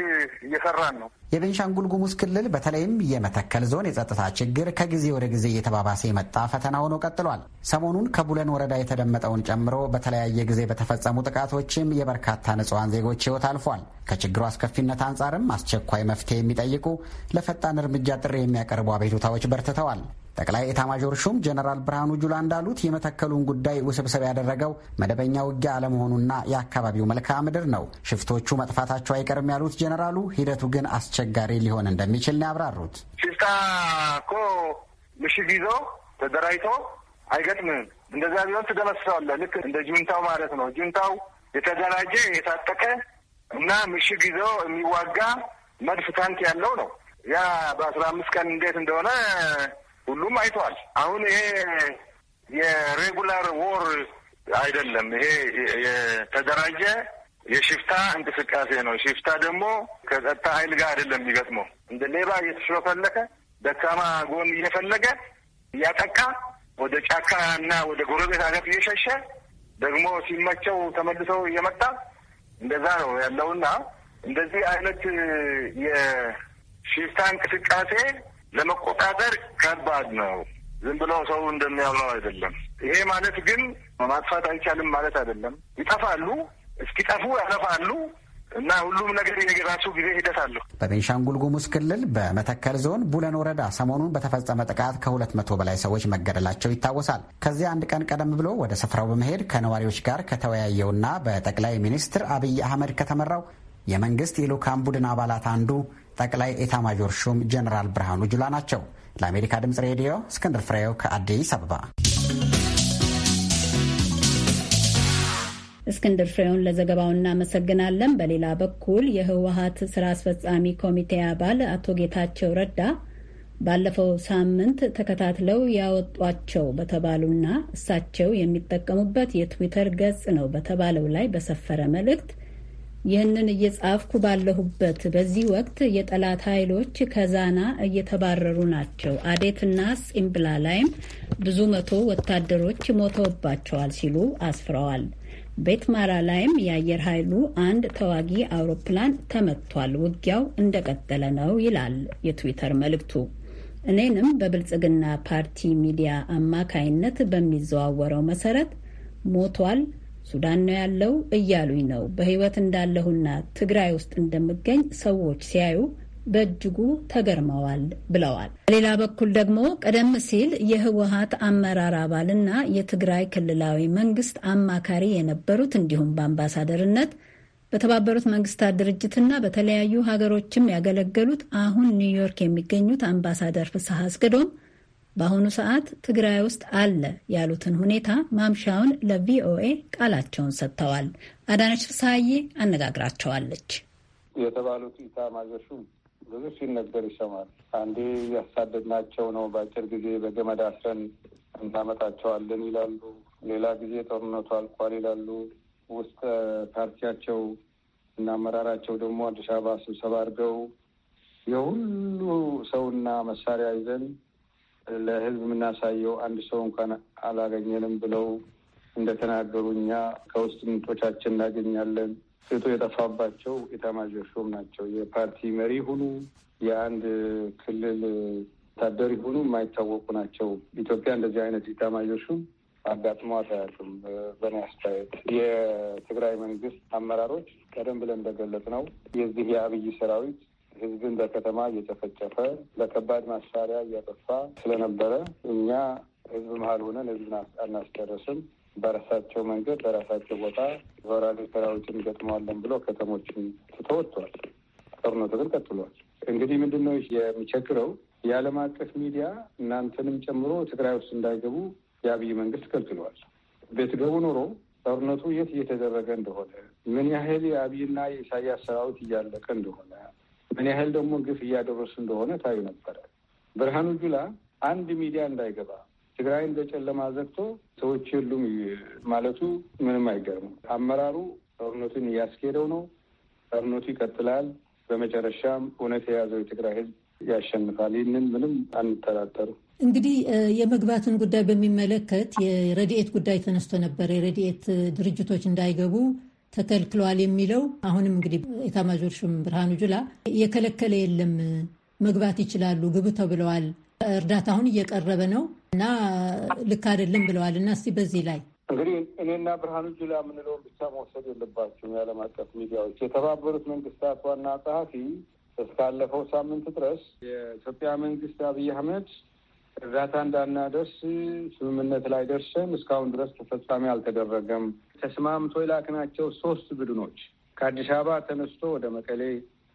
እየሰራን ነው። የቤንሻንጉል ጉሙዝ ክልል በተለይም የመተከል ዞን የጸጥታ ችግር ከጊዜ ወደ ጊዜ እየተባባሰ የመጣ ፈተና ሆኖ ቀጥሏል። ሰሞኑን ከቡለን ወረዳ የተደመጠውን ጨምሮ በተለያየ ጊዜ በተፈጸሙ ጥቃቶችም የበርካታ ንጹሐን ዜጎች ሕይወት አልፏል። ከችግሩ አስከፊነት አንጻርም አስቸኳይ መፍትሄ የሚጠይቁ ለፈጣን እርምጃ ጥሪ የሚያቀርቡ አቤቱታዎች በርትተዋል። ጠቅላይ ኤታማዦር ሹም ጀነራል ብርሃኑ ጁላ እንዳሉት የመተከሉን ጉዳይ ውስብስብ ያደረገው መደበኛ ውጊያ አለመሆኑና የአካባቢው መልክዓ ምድር ነው። ሽፍቶቹ መጥፋታቸው አይቀርም ያሉት ጀነራሉ፣ ሂደቱ ግን አስቸጋሪ ሊሆን እንደሚችል ነው ያብራሩት። ሽፍታ እኮ ምሽግ ይዞ ተደራጅቶ አይገጥምም። እንደዛ ቢሆን ትደመስሰዋለህ። ልክ እንደ ጁንታው ማለት ነው። ጁንታው የተደራጀ የታጠቀ እና ምሽግ ይዞ የሚዋጋ መድፍ ታንክ ያለው ነው። ያ በአስራ አምስት ቀን እንዴት እንደሆነ ሁሉም አይተዋል። አሁን ይሄ የሬጉላር ዎር አይደለም። ይሄ የተደራጀ የሽፍታ እንቅስቃሴ ነው። ሽፍታ ደግሞ ከጸጥታ ኃይል ጋር አይደለም የሚገጥመው። እንደ ሌባ እየተሽለፈለከ ደካማ ጎን እየፈለገ እያጠቃ ወደ ጫካ እና ወደ ጎረቤት ሀገር እየሸሸ ደግሞ ሲመቸው ተመልሰው እየመጣ እንደዛ ነው ያለውና እንደዚህ አይነት የሽፍታ እንቅስቃሴ ለመቆጣጠር ከባድ ነው። ዝም ብሎ ሰው እንደሚያውለው አይደለም። ይሄ ማለት ግን ማጥፋት አይቻልም ማለት አይደለም። ይጠፋሉ፣ እስኪጠፉ ያጠፋሉ እና ሁሉም ነገር የራሱ ጊዜ ሂደት አለሁ። በቤንሻንጉል ጉሙዝ ክልል በመተከል ዞን ቡለን ወረዳ ሰሞኑን በተፈጸመ ጥቃት ከሁለት መቶ በላይ ሰዎች መገደላቸው ይታወሳል። ከዚህ አንድ ቀን ቀደም ብሎ ወደ ስፍራው በመሄድ ከነዋሪዎች ጋር ከተወያየውና በጠቅላይ ሚኒስትር አብይ አህመድ ከተመራው የመንግስት የልዑካን ቡድን አባላት አንዱ ጠቅላይ ኤታማዦር ሹም ጀነራል ብርሃኑ ጁላ ናቸው። ለአሜሪካ ድምፅ ሬዲዮ እስክንድር ፍሬው ከአዲስ አበባ። እስክንድር ፍሬውን ለዘገባው እናመሰግናለን። በሌላ በኩል የህወሀት ስራ አስፈጻሚ ኮሚቴ አባል አቶ ጌታቸው ረዳ ባለፈው ሳምንት ተከታትለው ያወጧቸው በተባሉና እሳቸው የሚጠቀሙበት የትዊተር ገጽ ነው በተባለው ላይ በሰፈረ መልእክት ይህንን እየጻፍኩ ባለሁበት በዚህ ወቅት የጠላት ኃይሎች ከዛና እየተባረሩ ናቸው። አዴትና ፂምብላ ላይም ብዙ መቶ ወታደሮች ሞተውባቸዋል ሲሉ አስፍረዋል። ቤትማራ ላይም የአየር ኃይሉ አንድ ተዋጊ አውሮፕላን ተመቷል። ውጊያው እንደቀጠለ ነው ይላል የትዊተር መልእክቱ። እኔንም በብልጽግና ፓርቲ ሚዲያ አማካይነት በሚዘዋወረው መሰረት ሞቷል ሱዳን ነው ያለው እያሉኝ ነው። በህይወት እንዳለሁና ትግራይ ውስጥ እንደምገኝ ሰዎች ሲያዩ በእጅጉ ተገርመዋል ብለዋል። በሌላ በኩል ደግሞ ቀደም ሲል የህወሀት አመራር አባልና የትግራይ ክልላዊ መንግስት አማካሪ የነበሩት እንዲሁም በአምባሳደርነት በተባበሩት መንግስታት ድርጅትና በተለያዩ ሀገሮችም ያገለገሉት አሁን ኒውዮርክ የሚገኙት አምባሳደር ፍስሐ አስገዶም በአሁኑ ሰዓት ትግራይ ውስጥ አለ ያሉትን ሁኔታ ማምሻውን ለቪኦኤ ቃላቸውን ሰጥተዋል። አዳነች ፍስሀዬ አነጋግራቸዋለች። የተባሉት ኢታማዦር ሹም ብዙ ሲነገር ይሰማል። አንዴ እያሳደድናቸው ነው፣ በአጭር ጊዜ በገመድ አስረን እናመጣቸዋለን ይላሉ። ሌላ ጊዜ ጦርነቱ አልቋል ይላሉ። ውስጥ ፓርቲያቸው እና አመራራቸው ደግሞ አዲስ አበባ ስብሰባ አድርገው የሁሉ ሰውና መሳሪያ ይዘን ለህዝብ የምናሳየው አንድ ሰው እንኳን አላገኘንም ብለው እንደተናገሩ እኛ ከውስጥ ምንጮቻችን እናገኛለን። ሴቶ የጠፋባቸው ኢታማዦር ሹም ናቸው። የፓርቲ መሪ ሁኑ፣ የአንድ ክልል ወታደር ይሁኑ የማይታወቁ ናቸው። ኢትዮጵያ እንደዚህ አይነት ኢታማዦር ሹም አጋጥሟት አያውቅም። በእኔ አስተያየት የትግራይ መንግስት አመራሮች ቀደም ብለን እንደገለጽ ነው የዚህ የአብይ ሰራዊት ህዝብን በከተማ እየጨፈጨፈ በከባድ መሳሪያ እያጠፋ ስለነበረ እኛ ህዝብ መሀል ሆነን ህዝብን አናስጨርስም፣ በራሳቸው መንገድ በራሳቸው ቦታ ወራሪ ሰራዊትን እንገጥመዋለን ብሎ ከተሞችን ትተወጥቷል። ጦርነቱ ግን ቀጥሏል። እንግዲህ ምንድን ነው የሚቸግረው? የዓለም አቀፍ ሚዲያ እናንተንም ጨምሮ ትግራይ ውስጥ እንዳይገቡ የአብይ መንግስት ከልክሏል። ብትገቡ ኖሮ ጦርነቱ የት እየተደረገ እንደሆነ ምን ያህል የአብይና የኢሳያስ ሰራዊት እያለቀ እንደሆነ ምን ያህል ደግሞ ግፍ እያደረሱ እንደሆነ ታዩ ነበረ። ብርሃኑ ጁላ አንድ ሚዲያ እንዳይገባ ትግራይን በጨለማ ዘግቶ ሰዎች የሉም ማለቱ ምንም አይገርምም። አመራሩ ጦርነቱን እያስኬደው ነው። ጦርነቱ ይቀጥላል። በመጨረሻም እውነት የያዘው የትግራይ ህዝብ ያሸንፋል። ይህንን ምንም አንተራተሩ እንግዲህ የመግባትን ጉዳይ በሚመለከት የረድኤት ጉዳይ ተነስቶ ነበር። የረድኤት ድርጅቶች እንዳይገቡ ተከልክሏል የሚለው አሁንም እንግዲህ ኤታማዦር ሹም ብርሃኑ ጁላ የከለከለ የለም መግባት ይችላሉ ግቡ ተብለዋል። እርዳታ አሁን እየቀረበ ነው እና ልክ አይደለም ብለዋል። እና እስቲ በዚህ ላይ እንግዲህ እኔና ብርሃኑ ጁላ የምንለውን ብቻ መውሰድ የለባቸውም የዓለም አቀፍ ሚዲያዎች። የተባበሩት መንግስታት ዋና ጸሐፊ እስካለፈው ሳምንት ድረስ የኢትዮጵያ መንግስት አብይ አህመድ እርዳታ እንዳናደርስ ስምምነት ላይ ደርሰን እስካሁን ድረስ ተፈጻሚ አልተደረገም። ተስማምቶ የላክናቸው ሶስት ቡድኖች ከአዲስ አበባ ተነስቶ ወደ መቀሌ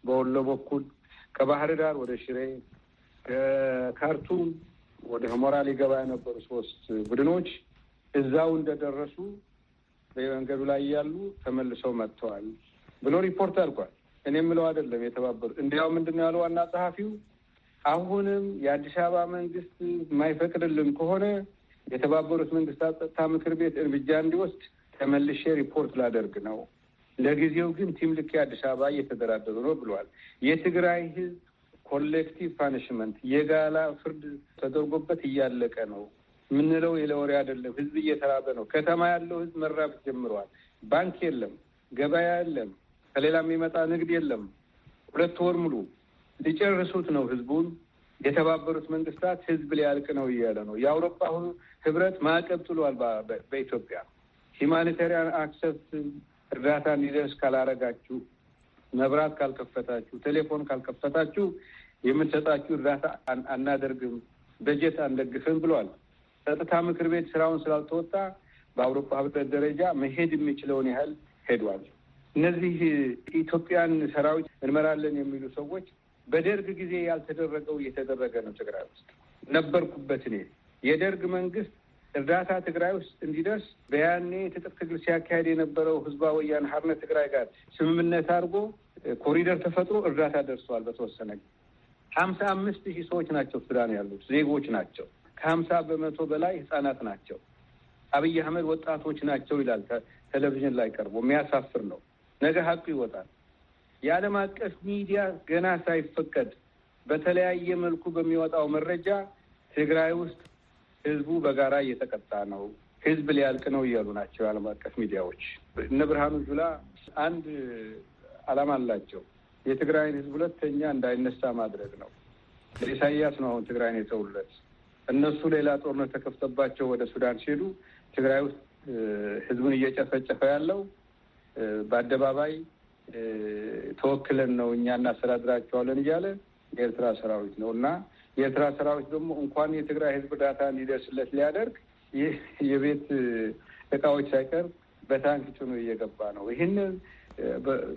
በወሎ በኩል ከባህር ዳር ወደ ሽሬ ከካርቱም ወደ ሁመራ ሊገባ የነበሩ ሶስት ቡድኖች እዛው እንደደረሱ በመንገዱ ላይ እያሉ ተመልሰው መጥተዋል ብሎ ሪፖርት አድርጓል። እኔ የምለው አይደለም የተባበሩት እንዲያው ምንድን ነው ያለው ዋና ጸሐፊው አሁንም የአዲስ አበባ መንግስት የማይፈቅድልን ከሆነ የተባበሩት መንግስታት ጸጥታ ምክር ቤት እርምጃ እንዲወስድ ተመልሼ ሪፖርት ላደርግ ነው። ለጊዜው ግን ቲም ልክ አዲስ አበባ እየተደራደሩ ነው ብለዋል። የትግራይ ህዝብ ኮሌክቲቭ ፓኒሽመንት የጋላ ፍርድ ተደርጎበት እያለቀ ነው የምንለው የለወሬ አይደለም። ህዝብ እየተራበ ነው። ከተማ ያለው ህዝብ መራብ ጀምረዋል። ባንክ የለም፣ ገበያ የለም፣ ከሌላ የሚመጣ ንግድ የለም። ሁለት ወር ሙሉ ሊጨርሱት ነው ህዝቡን የተባበሩት መንግስታት ህዝብ ሊያልቅ ነው እያለ ነው። የአውሮፓ ህብረት ማዕቀብ ጥሏል በኢትዮጵያ ሂማኒታሪያን አክሰስ እርዳታ እንዲደርስ ካላረጋችሁ፣ መብራት ካልከፈታችሁ፣ ቴሌፎን ካልከፈታችሁ የምንሰጣችሁ እርዳታ አናደርግም፣ በጀት አንደግፍም ብሏል። ጸጥታ ምክር ቤት ስራውን ስላልተወጣ በአውሮፓ ህብረት ደረጃ መሄድ የሚችለውን ያህል ሄዷል። እነዚህ ኢትዮጵያን ሰራዊት እንመራለን የሚሉ ሰዎች በደርግ ጊዜ ያልተደረገው እየተደረገ ነው። ትግራይ ውስጥ ነበርኩበት እኔ። የደርግ መንግስት እርዳታ ትግራይ ውስጥ እንዲደርስ በያኔ ትጥቅ ትግል ሲያካሄድ የነበረው ህዝባዊ ወያነ ሓርነት ትግራይ ጋር ስምምነት አድርጎ ኮሪደር ተፈጥሮ እርዳታ ደርሰዋል። በተወሰነ ሀምሳ አምስት ሺህ ሰዎች ናቸው ሱዳን ያሉት ዜጎች ናቸው። ከሀምሳ በመቶ በላይ ህጻናት ናቸው። አብይ አህመድ ወጣቶች ናቸው ይላል፣ ቴሌቪዥን ላይ ቀርቦ የሚያሳፍር ነው። ነገ ሀቁ ይወጣል። የዓለም አቀፍ ሚዲያ ገና ሳይፈቀድ በተለያየ መልኩ በሚወጣው መረጃ ትግራይ ውስጥ ህዝቡ በጋራ እየተቀጣ ነው፣ ህዝብ ሊያልቅ ነው እያሉ ናቸው የዓለም አቀፍ ሚዲያዎች። እነ ብርሃኑ ጁላ አንድ ዓላማ አላቸው። የትግራይን ህዝብ ሁለተኛ እንዳይነሳ ማድረግ ነው። ለኢሳያስ ነው አሁን ትግራይን የተውለት። እነሱ ሌላ ጦርነት ተከፍተባቸው ወደ ሱዳን ሲሄዱ ትግራይ ውስጥ ህዝቡን እየጨፈጨፈ ያለው በአደባባይ ተወክለን ነው እኛ እናስተዳድራቸዋለን እያለ የኤርትራ ሰራዊት ነው እና የኤርትራ ሰራዊት ደግሞ እንኳን የትግራይ ህዝብ እርዳታ እንዲደርስለት ሊያደርግ ይህ የቤት እቃዎች ሳይቀር በታንክ ጭኖ እየገባ ነው። ይህንን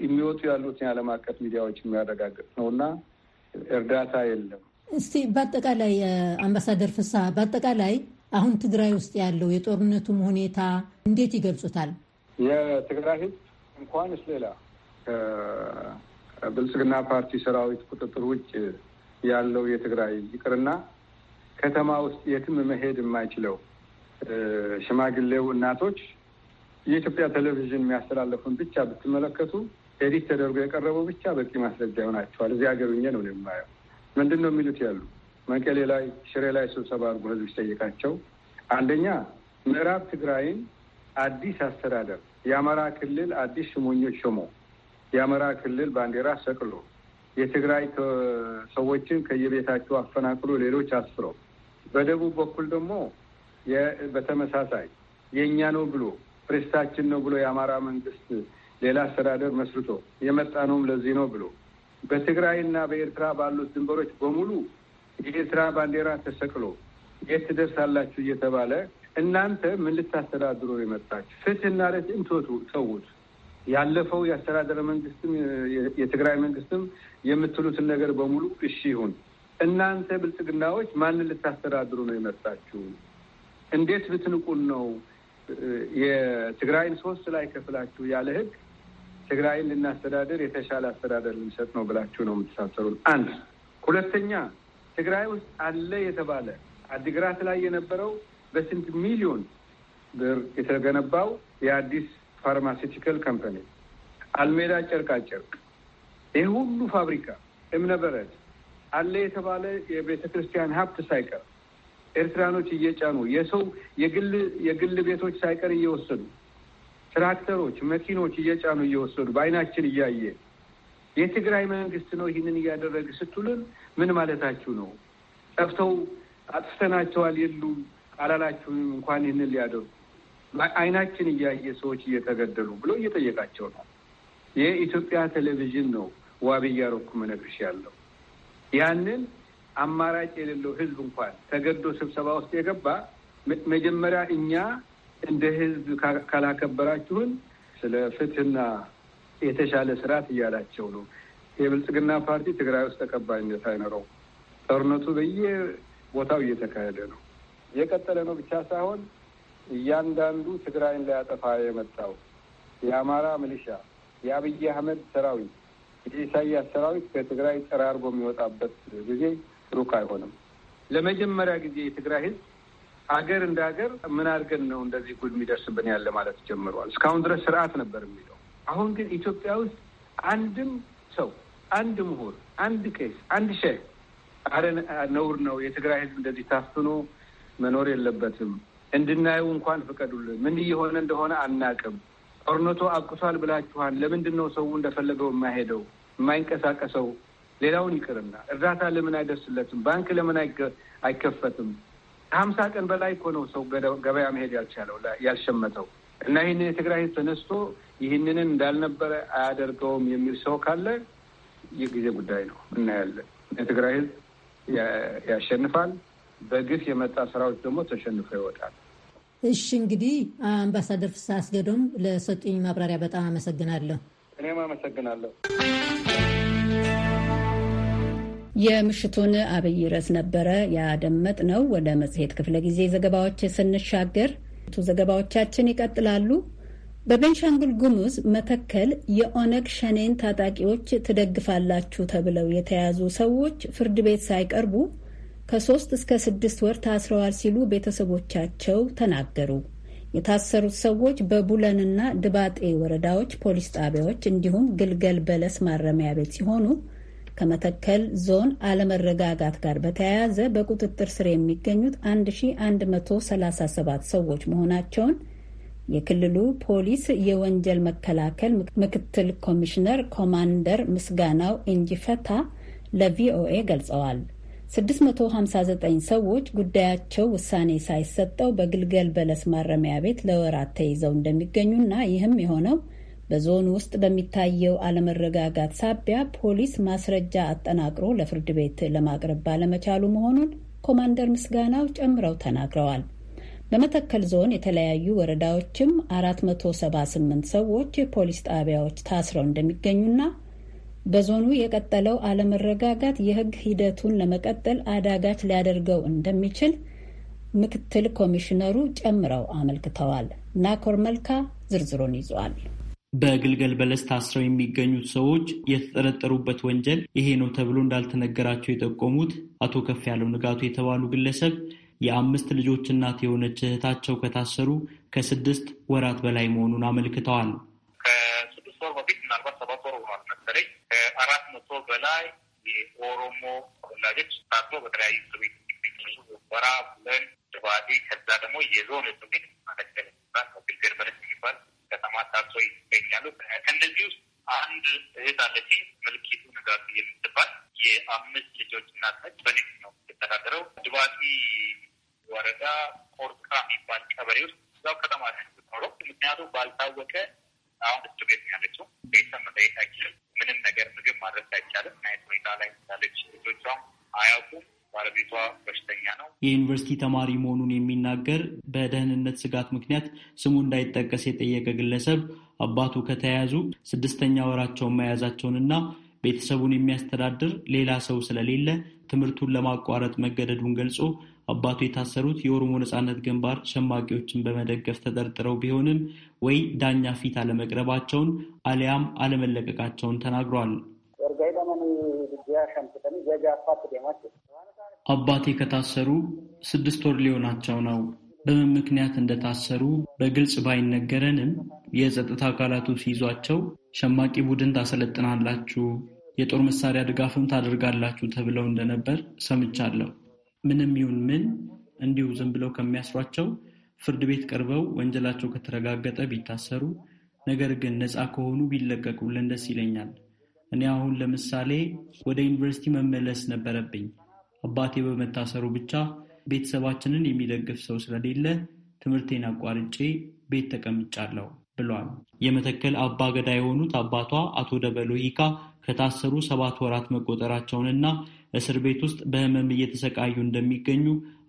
የሚወጡ ያሉትን የዓለም አቀፍ ሚዲያዎች የሚያረጋግጥ ነው እና እርዳታ የለም። እስቲ በአጠቃላይ አምባሳደር ፍሳ በአጠቃላይ አሁን ትግራይ ውስጥ ያለው የጦርነቱም ሁኔታ እንዴት ይገልጹታል? የትግራይ ህዝብ እንኳን ስሌላ ከብልጽግና ፓርቲ ሰራዊት ቁጥጥር ውጭ ያለው የትግራይ ይቅርና ከተማ ውስጥ የትም መሄድ የማይችለው ሽማግሌው እናቶች የኢትዮጵያ ቴሌቪዥን የሚያስተላለፉን ብቻ ብትመለከቱ ኤዲት ተደርጎ የቀረበው ብቻ በቂ ማስረጃ ይሆናቸዋል። እዚህ ሀገር ሁኜ ነው የማየው። ምንድን ነው የሚሉት ያሉ መቀሌ ላይ፣ ሽሬ ላይ ስብሰባ አድርጎ ህዝብ ሲጠይቃቸው አንደኛ ምዕራብ ትግራይን አዲስ አስተዳደር የአማራ ክልል አዲስ ሽሞኞች ሾሞ የአማራ ክልል ባንዲራ ሰቅሎ የትግራይ ሰዎችን ከየቤታቸው አፈናቅሎ ሌሎች አስፍረው በደቡብ በኩል ደግሞ በተመሳሳይ የእኛ ነው ብሎ ፕሬስታችን ነው ብሎ የአማራ መንግስት ሌላ አስተዳደር መስርቶ የመጣ ነውም ለዚህ ነው ብሎ በትግራይ እና በኤርትራ ባሉት ድንበሮች በሙሉ የኤርትራ ባንዲራ ተሰቅሎ የት ትደርሳላችሁ እየተባለ እናንተ ምን ልታስተዳድሮ የመጣችሁ ፍትህና ረት እንትወቱ ተዉት ያለፈው የአስተዳደር መንግስትም የትግራይ መንግስትም የምትሉትን ነገር በሙሉ እሺ ይሁን። እናንተ ብልጽግናዎች ማንን ልታስተዳድሩ ነው የመጣችሁ? እንዴት ብትንቁን ነው የትግራይን ሶስት ላይ ከፍላችሁ ያለ ህግ ትግራይን ልናስተዳደር የተሻለ አስተዳደር ልንሰጥ ነው ብላችሁ ነው የምትሳሰሩ? አንድ ሁለተኛ፣ ትግራይ ውስጥ አለ የተባለ አዲግራት ላይ የነበረው በስንት ሚሊዮን ብር የተገነባው የአዲስ ፋርማሲቲካል ካምፓኒ፣ አልሜዳ ጨርቃጨርቅ፣ ይህ ሁሉ ፋብሪካ እምነበረድ አለ የተባለ የቤተ ክርስቲያን ሀብት ሳይቀር ኤርትራኖች እየጫኑ የሰው የግል የግል ቤቶች ሳይቀር እየወሰዱ ትራክተሮች፣ መኪኖች እየጫኑ እየወሰዱ በአይናችን እያየ የትግራይ መንግስት ነው ይህንን እያደረገ ስትሉን ምን ማለታችሁ ነው? ጠፍተው አጥፍተናቸዋል የሉም አላላችሁም። እንኳን ይህንን ሊያደርጉ አይናችን እያየ ሰዎች እየተገደሉ ብሎ እየጠየቃቸው ነው። የኢትዮጵያ ቴሌቪዥን ነው ዋቢ እያረኩ መነግርሽ ያለው ያንን አማራጭ የሌለው ህዝብ እንኳን ተገዶ ስብሰባ ውስጥ የገባ መጀመሪያ እኛ እንደ ህዝብ ካላከበራችሁን ስለ ፍትህና የተሻለ ስርዓት እያላቸው ነው። የብልጽግና ፓርቲ ትግራይ ውስጥ ተቀባይነት አይኖረው። ጦርነቱ በየቦታው እየተካሄደ ነው። የቀጠለ ነው ብቻ ሳይሆን እያንዳንዱ ትግራይን ሊያጠፋ የመጣው የአማራ ሚሊሻ፣ የአብይ አህመድ ሰራዊት፣ የኢሳያስ ሰራዊት ከትግራይ ጠራርጎ የሚወጣበት ጊዜ ሩቅ አይሆንም። ለመጀመሪያ ጊዜ የትግራይ ህዝብ ሀገር እንደ ሀገር ምን አድርገን ነው እንደዚህ ጉድ የሚደርስብን ያለ ማለት ጀምሯል። እስካሁን ድረስ ስርዓት ነበር የሚለው። አሁን ግን ኢትዮጵያ ውስጥ አንድም ሰው፣ አንድ ምሁር፣ አንድ ቄስ፣ አንድ ሼህ አረ ነውር ነው የትግራይ ህዝብ እንደዚህ ታፍኖ መኖር የለበትም እንድናየው እንኳን ፍቀዱልን። ምን እየሆነ እንደሆነ አናቅም። ጦርነቱ አብቅቷል ብላችኋል። ለምንድን ነው ሰው እንደፈለገው የማይሄደው የማይንቀሳቀሰው? ሌላውን ይቅርና እርዳታ ለምን አይደርስለትም? ባንክ ለምን አይከፈትም? ከሀምሳ ቀን በላይ እኮ ነው ሰው ገበያ መሄድ ያልቻለው ያልሸመተው። እና ይህንን የትግራይ ህዝብ ተነስቶ ይህንንን እንዳልነበረ አያደርገውም የሚል ሰው ካለ የጊዜ ጉዳይ ነው። እናያለን። የትግራይ ህዝብ ያሸንፋል። በግፍ የመጣ ሰራዊት ደግሞ ተሸንፎ ይወጣል። እሺ እንግዲህ አምባሳደር ፍስሐ አስገዶም ለሰጡኝ ማብራሪያ በጣም አመሰግናለሁ። እኔም አመሰግናለሁ። የምሽቱን አብይ ርዕስ ነበረ ነው። ወደ መጽሔት ክፍለ ጊዜ ዘገባዎች ስንሻገር ዘገባዎቻችን ይቀጥላሉ። በቤንሻንጉል ጉሙዝ መተከል የኦነግ ሸኔን ታጣቂዎች ትደግፋላችሁ ተብለው የተያዙ ሰዎች ፍርድ ቤት ሳይቀርቡ ከሶስት እስከ ስድስት ወር ታስረዋል ሲሉ ቤተሰቦቻቸው ተናገሩ። የታሰሩት ሰዎች በቡለንና ድባጤ ወረዳዎች ፖሊስ ጣቢያዎች እንዲሁም ግልገል በለስ ማረሚያ ቤት ሲሆኑ ከመተከል ዞን አለመረጋጋት ጋር በተያያዘ በቁጥጥር ስር የሚገኙት 1137 ሰዎች መሆናቸውን የክልሉ ፖሊስ የወንጀል መከላከል ምክትል ኮሚሽነር ኮማንደር ምስጋናው እንጂፈታ ለቪኦኤ ገልጸዋል። 659 ሰዎች ጉዳያቸው ውሳኔ ሳይሰጠው በግልገል በለስ ማረሚያ ቤት ለወራት ተይዘው እንደሚገኙና ይህም የሆነው በዞን ውስጥ በሚታየው አለመረጋጋት ሳቢያ ፖሊስ ማስረጃ አጠናቅሮ ለፍርድ ቤት ለማቅረብ ባለመቻሉ መሆኑን ኮማንደር ምስጋናው ጨምረው ተናግረዋል። በመተከል ዞን የተለያዩ ወረዳዎችም 478 ሰዎች የፖሊስ ጣቢያዎች ታስረው እንደሚገኙና በዞኑ የቀጠለው አለመረጋጋት የህግ ሂደቱን ለመቀጠል አዳጋች ሊያደርገው እንደሚችል ምክትል ኮሚሽነሩ ጨምረው አመልክተዋል። ናኮር መልካ ዝርዝሩን ይዟል። በግልገል በለስ ታስረው የሚገኙት ሰዎች የተጠረጠሩበት ወንጀል ይሄ ነው ተብሎ እንዳልተነገራቸው የጠቆሙት አቶ ከፍ ያለው ንጋቱ የተባሉ ግለሰብ የአምስት ልጆች እናት የሆነች እህታቸው ከታሰሩ ከስድስት ወራት በላይ መሆኑን አመልክተዋል። ከስድስት ወር በፊት ምናልባት ሰባት ወር ሆኗል መሰለኝ ከአራት መቶ በላይ የኦሮሞ ተወላጆች ታቶ በተለያዩ እስር ቤት የሚገኙ ወራ፣ ብለን ድባቴ ከዛ ደግሞ የዞን እስር ቤት ማለትከል ሚባል ግልገል በለስ የሚባል ከተማ ታቶ ይገኛሉ። ከእነዚህ ውስጥ አንድ እህት አለች መልኪቱ ንጋቱ የምትባል የአምስት ልጆች እናት ነች። በንግድ ነው የምትተዳደረው። ድባቲ ወረዳ ቆርቃ የሚባል ቀበሌ ውስጥ እዛው ከተማ ኖሮ ምክንያቱ ባልታወቀ አሁን እስር ቤት ያለችው ቤተሰብ መጠየቅ አይችልም። ምንም ነገር ምግብ ማድረስ አይቻልም። ናይት ሁኔታ ላይ ያለች ልጆቿ አያውቁም። ባለቤቷ በሽተኛ ነው። የዩኒቨርሲቲ ተማሪ መሆኑን የሚናገር በደህንነት ስጋት ምክንያት ስሙ እንዳይጠቀስ የጠየቀ ግለሰብ አባቱ ከተያያዙ ስድስተኛ ወራቸውን መያዛቸውንና ቤተሰቡን የሚያስተዳድር ሌላ ሰው ስለሌለ ትምህርቱን ለማቋረጥ መገደዱን ገልጾ አባቱ የታሰሩት የኦሮሞ ነጻነት ግንባር ሸማቂዎችን በመደገፍ ተጠርጥረው ቢሆንም ወይ ዳኛ ፊት አለመቅረባቸውን አሊያም አለመለቀቃቸውን ተናግሯል። አባቴ ከታሰሩ ስድስት ወር ሊሆናቸው ነው። በምን ምክንያት እንደታሰሩ በግልጽ ባይነገረንም የጸጥታ አካላቱ ሲይዟቸው ሸማቂ ቡድን ታሰለጥናላችሁ፣ የጦር መሳሪያ ድጋፍም ታደርጋላችሁ ተብለው እንደነበር ሰምቻለሁ። ምንም ይሁን ምን እንዲሁ ዝም ብለው ከሚያስሯቸው ፍርድ ቤት ቀርበው ወንጀላቸው ከተረጋገጠ ቢታሰሩ፣ ነገር ግን ነፃ ከሆኑ ቢለቀቁልን ደስ ይለኛል። እኔ አሁን ለምሳሌ ወደ ዩኒቨርሲቲ መመለስ ነበረብኝ። አባቴ በመታሰሩ ብቻ ቤተሰባችንን የሚደግፍ ሰው ስለሌለ ትምህርቴን አቋርጬ ቤት ተቀምጫለሁ ብሏል። የመተከል አባ ገዳ የሆኑት አባቷ አቶ ደበሎ ሂካ ከታሰሩ ሰባት ወራት መቆጠራቸውንና እስር ቤት ውስጥ በህመም እየተሰቃዩ እንደሚገኙ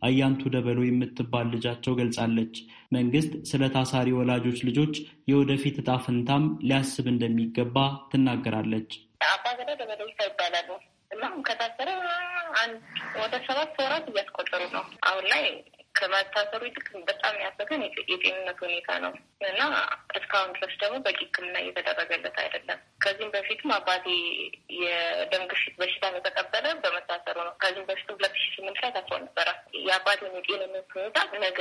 አያንቱ ደበሎ የምትባል ልጃቸው ገልጻለች። መንግስት ስለ ታሳሪ ወላጆች ልጆች የወደፊት እጣ ፈንታም ሊያስብ እንደሚገባ ትናገራለች። አባገዳ ደበሎ ይባላሉ እና ከታሰረ አንድ ወደ ሰባት ወራት እያስቆጠሩ ነው አሁን ላይ ከመታሰሩ ይልቅ በጣም ያሰገን የጤንነት ሁኔታ ነው እና እስካሁን ድረስ ደግሞ በቂ ሕክምና እየተደረገለት አይደለም። ከዚህም በፊትም አባቴ የደም ግፊት በሽታ የተቀበለ በመታሰሩ ነው። ከዚህም በፊት ሁለት ሺ ስምንት ላይ ታስሮ ነበረ። የአባቴን የጤንነት ሁኔታ ነገ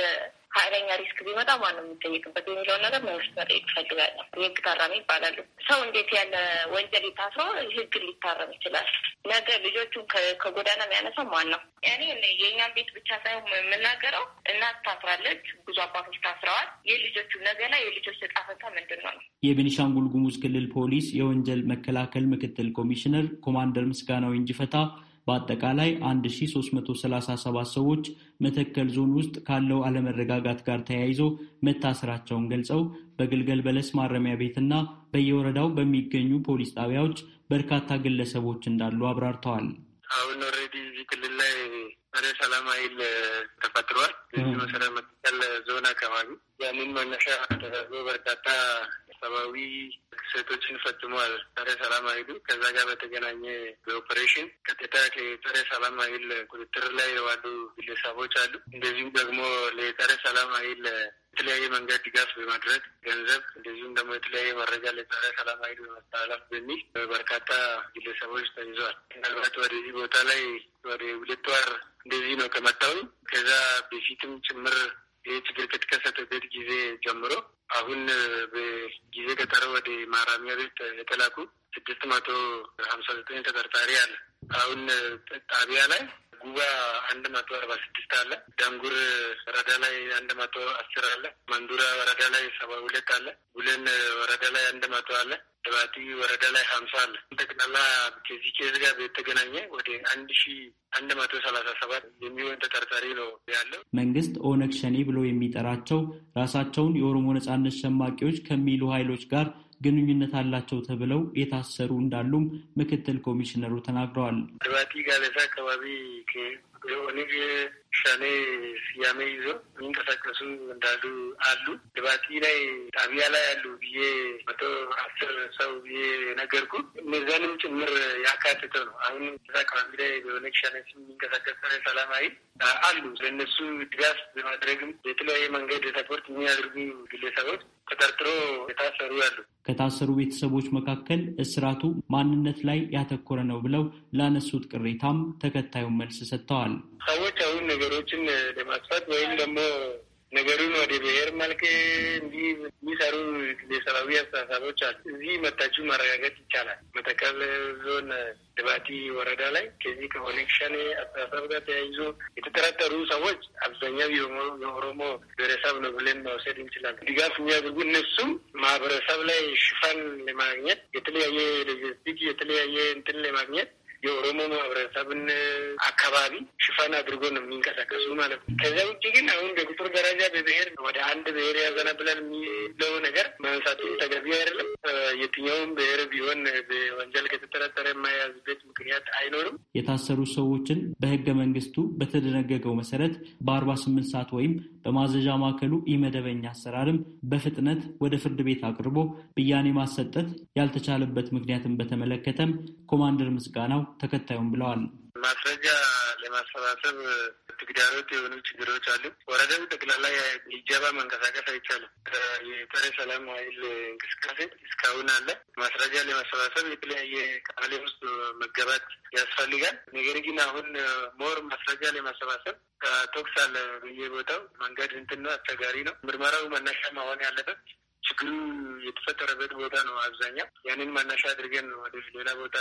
ኃይለኛ ሪስክ ቢመጣ ማነው የሚጠየቅበት የሚለውን ነገር መንግስት መጠየቅ ይፈልጋለሁ። የህግ ታራሚ ይባላሉ። ሰው እንዴት ያለ ወንጀል ታስሮ ህግ ሊታረም ይችላል? ነገ ልጆቹን ከጎዳና የሚያነሳው ማን ነው? ያኔ የእኛም ቤት ብቻ ሳይሆን የምናገረው እናት ታስራለች፣ ብዙ አባቶች ታስረዋል። የልጆቹ ነገና የልጆች ዕጣ ፈንታ ምንድን ነው? የቤኒሻንጉል ጉሙዝ ክልል ፖሊስ የወንጀል መከላከል ምክትል ኮሚሽነር ኮማንደር ምስጋናው እንጂፈታ በአጠቃላይ 1337 ሰዎች መተከል ዞን ውስጥ ካለው አለመረጋጋት ጋር ተያይዞ መታሰራቸውን ገልጸው በግልገል በለስ ማረሚያ ቤትና በየወረዳው በሚገኙ ፖሊስ ጣቢያዎች በርካታ ግለሰቦች እንዳሉ አብራርተዋል። አሁን ኦልሬዲ እዚህ ክልል ላይ ወደ ሰላም ኃይል ተፈጥሯል። እዚህ መሰረት መቀጠል ዞን አካባቢ ያንን መነሻ ተደርጎ በርካታ ሰብአዊ ክስተቶችን ፈጽሟል። ጸረ ሰላም ኃይሉ ከዛ ጋር በተገናኘ በኦፐሬሽን ቀጥታ ከጸረ ሰላም ኃይል ቁጥጥር ላይ የዋሉ ግለሰቦች አሉ። እንደዚሁም ደግሞ ለጸረ ሰላም ኃይል በተለያየ መንገድ ድጋፍ በማድረግ ገንዘብ፣ እንደዚሁም ደግሞ የተለያየ መረጃ ለጸረ ሰላም ኃይል በማስተላለፍ በሚል በርካታ ግለሰቦች ተይዘዋል። ምናልባት ወደዚህ ቦታ ላይ ወደ ሁለት ወር እንደዚህ ነው ከመጣው ከዛ በፊትም ጭምር ይህ ችግር ከተከሰተበት ጊዜ ጀምሮ አሁን በጊዜ ቀጠሮ ወደ ማራሚያ ቤት የተላኩ ስድስት መቶ ሀምሳ ዘጠኝ ተጠርጣሪ አለ። አሁን ጣቢያ ላይ ጉባ አንድ መቶ አርባ ስድስት አለ። ዳንጉር ወረዳ ላይ አንድ መቶ አስር አለ። መንዱራ ወረዳ ላይ ሰባ ሁለት አለ። ቡለን ወረዳ ላይ አንድ መቶ አለ። ድባቲ ወረዳ ላይ ሀምሳ አለ። ጠቅላላ ከዚህ ኬዝ ጋር የተገናኘ ወደ አንድ ሺ አንድ መቶ ሰላሳ ሰባት የሚሆን ተጠርጣሪ ነው ያለው። መንግስት ኦነግ ሸኔ ብሎ የሚጠራቸው ራሳቸውን የኦሮሞ ነጻነት ሸማቂዎች ከሚሉ ኃይሎች ጋር ግንኙነት አላቸው ተብለው የታሰሩ እንዳሉም ምክትል ኮሚሽነሩ ተናግረዋል። የኦነግ ሸኔ ስያሜ ይዞ የሚንቀሳቀሱ እንዳሉ አሉ። ድባቲ ላይ ጣቢያ ላይ ያሉ ብዬ መቶ አስር ሰው ብዬ ነገርኩ። እነዚያንም ጭምር ያካትተ ነው። አሁን እዛ አካባቢ ላይ በኦነግ ሸኔ የሚንቀሳቀስ ሰላማዊ አሉ። ለእነሱ ድጋፍ በማድረግም የተለያየ መንገድ ሰፖርት የሚያደርጉ ግለሰቦች ተጠርጥሮ የታሰሩ ያሉ ከታሰሩ ቤተሰቦች መካከል እስራቱ ማንነት ላይ ያተኮረ ነው ብለው ላነሱት ቅሬታም ተከታዩን መልስ ሰጥተዋል። ተናግረዋል። ሰዎች አሁን ነገሮችን ለማጥፋት ወይም ደግሞ ነገሩን ወደ ብሔር መልክ እንዲህ የሚሰሩ የሰራዊ አስተሳሰቦች አሉ። እዚህ መታችሁ ማረጋገጥ ይቻላል። መተከል ዞን ድባቲ ወረዳ ላይ ከዚህ ከኮኔክሽን አስተሳሰብ ጋር ተያይዞ የተጠረጠሩ ሰዎች አብዛኛው የኦሮሞ ብሔረሰብ ነው ብለን መውሰድ እንችላለን። ድጋፍ የሚያደርጉ እነሱም ማህበረሰብ ላይ ሽፋን ለማግኘት የተለያየ ሎጂስቲክ የተለያየ እንትን ለማግኘት የኦሮሞ ማህበረሰብን አካባቢ ሽፋን አድርጎ ነው የሚንቀሳቀሱ ማለት ነው። ከዚያ ውጭ ግን አሁን በቁጥር ደረጃ በብሔር ወደ አንድ ብሔር ብለን የሚለው ነገር ማንሳቱ ተገቢ አይደለም። የትኛውም ብሔር ቢሆን በወንጀል ከተጠረጠረ የማያዝበት ምክንያት አይኖርም። የታሰሩ ሰዎችን በህገ መንግስቱ በተደነገገው መሰረት በአርባ ስምንት ሰዓት ወይም በማዘዣ ማዕከሉ ኢመደበኛ አሰራርም በፍጥነት ወደ ፍርድ ቤት አቅርቦ ብያኔ ማሰጠት ያልተቻለበት ምክንያትን በተመለከተም ኮማንደር ምስጋናው ተከታዩም ብለዋል። ማስረጃ ለማሰባሰብ ትግዳሮት የሆኑ ችግሮች አሉ። ወረዳው ጠቅላላ ሊጀባ መንቀሳቀስ አይቻልም። የጸረ ሰላም ኃይል እንቅስቃሴ እስካሁን አለ። ማስረጃ ለማሰባሰብ የተለያየ ቀበሌ ውስጥ መገባት ያስፈልጋል። ነገር ግን አሁን ሞር ማስረጃ ለማሰባሰብ ቶክስ አለ ቦታው መንገድ እንትን አስቸጋሪ ነው። ምርመራው መነሻ መሆን ያለበት ችግሩ የተፈጠረበት ቦታ ነው። አብዛኛው ያንን ማናሻ አድርገን ነው ወደ ሌላ ቦታ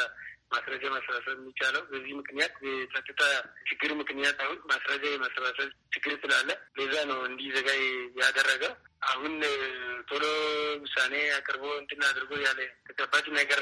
ማስረጃ ማሰባሰብ የሚቻለው። በዚህ ምክንያት የጸጥታ ችግር ምክንያት አሁን ማስረጃ የማሰባሰብ ችግር ስላለ ለዛ ነው እንዲዘጋ ያደረገው። አሁን ቶሎ ውሳኔ አቅርቦ እንድናደርጎ ያለ ተጨባጭ ነገር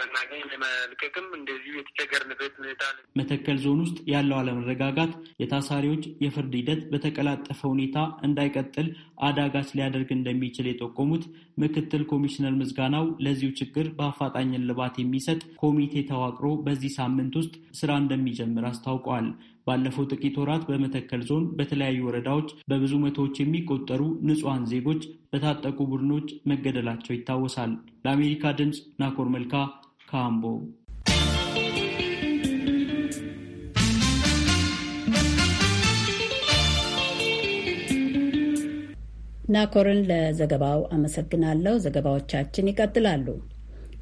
ሳናገኝ ለመልቀቅም እንደዚሁ የተቸገርንበት ሁኔታ አለ። መተከል ዞን ውስጥ ያለው አለመረጋጋት የታሳሪዎች የፍርድ ሂደት በተቀላጠፈ ሁኔታ እንዳይቀጥል አዳጋች ሊያደርግ እንደሚችል የጠቆሙት ምክትል ኮሚሽነር ምዝጋናው ለዚሁ ችግር በአፋጣኝ እልባት የሚሰጥ ኮሚቴ ተዋቅሮ በዚህ ሳምንት ውስጥ ስራ እንደሚጀምር አስታውቋል። ባለፈው ጥቂት ወራት በመተከል ዞን በተለያዩ ወረዳዎች በብዙ መቶዎች የሚቆጠሩ ንጹሐን ዜጎች በታጠቁ ቡድኖች መገደላቸው ይታወሳል። ለአሜሪካ ድምፅ ናኮር መልካ ከአምቦ። ናኮርን ለዘገባው አመሰግናለሁ። ዘገባዎቻችን ይቀጥላሉ።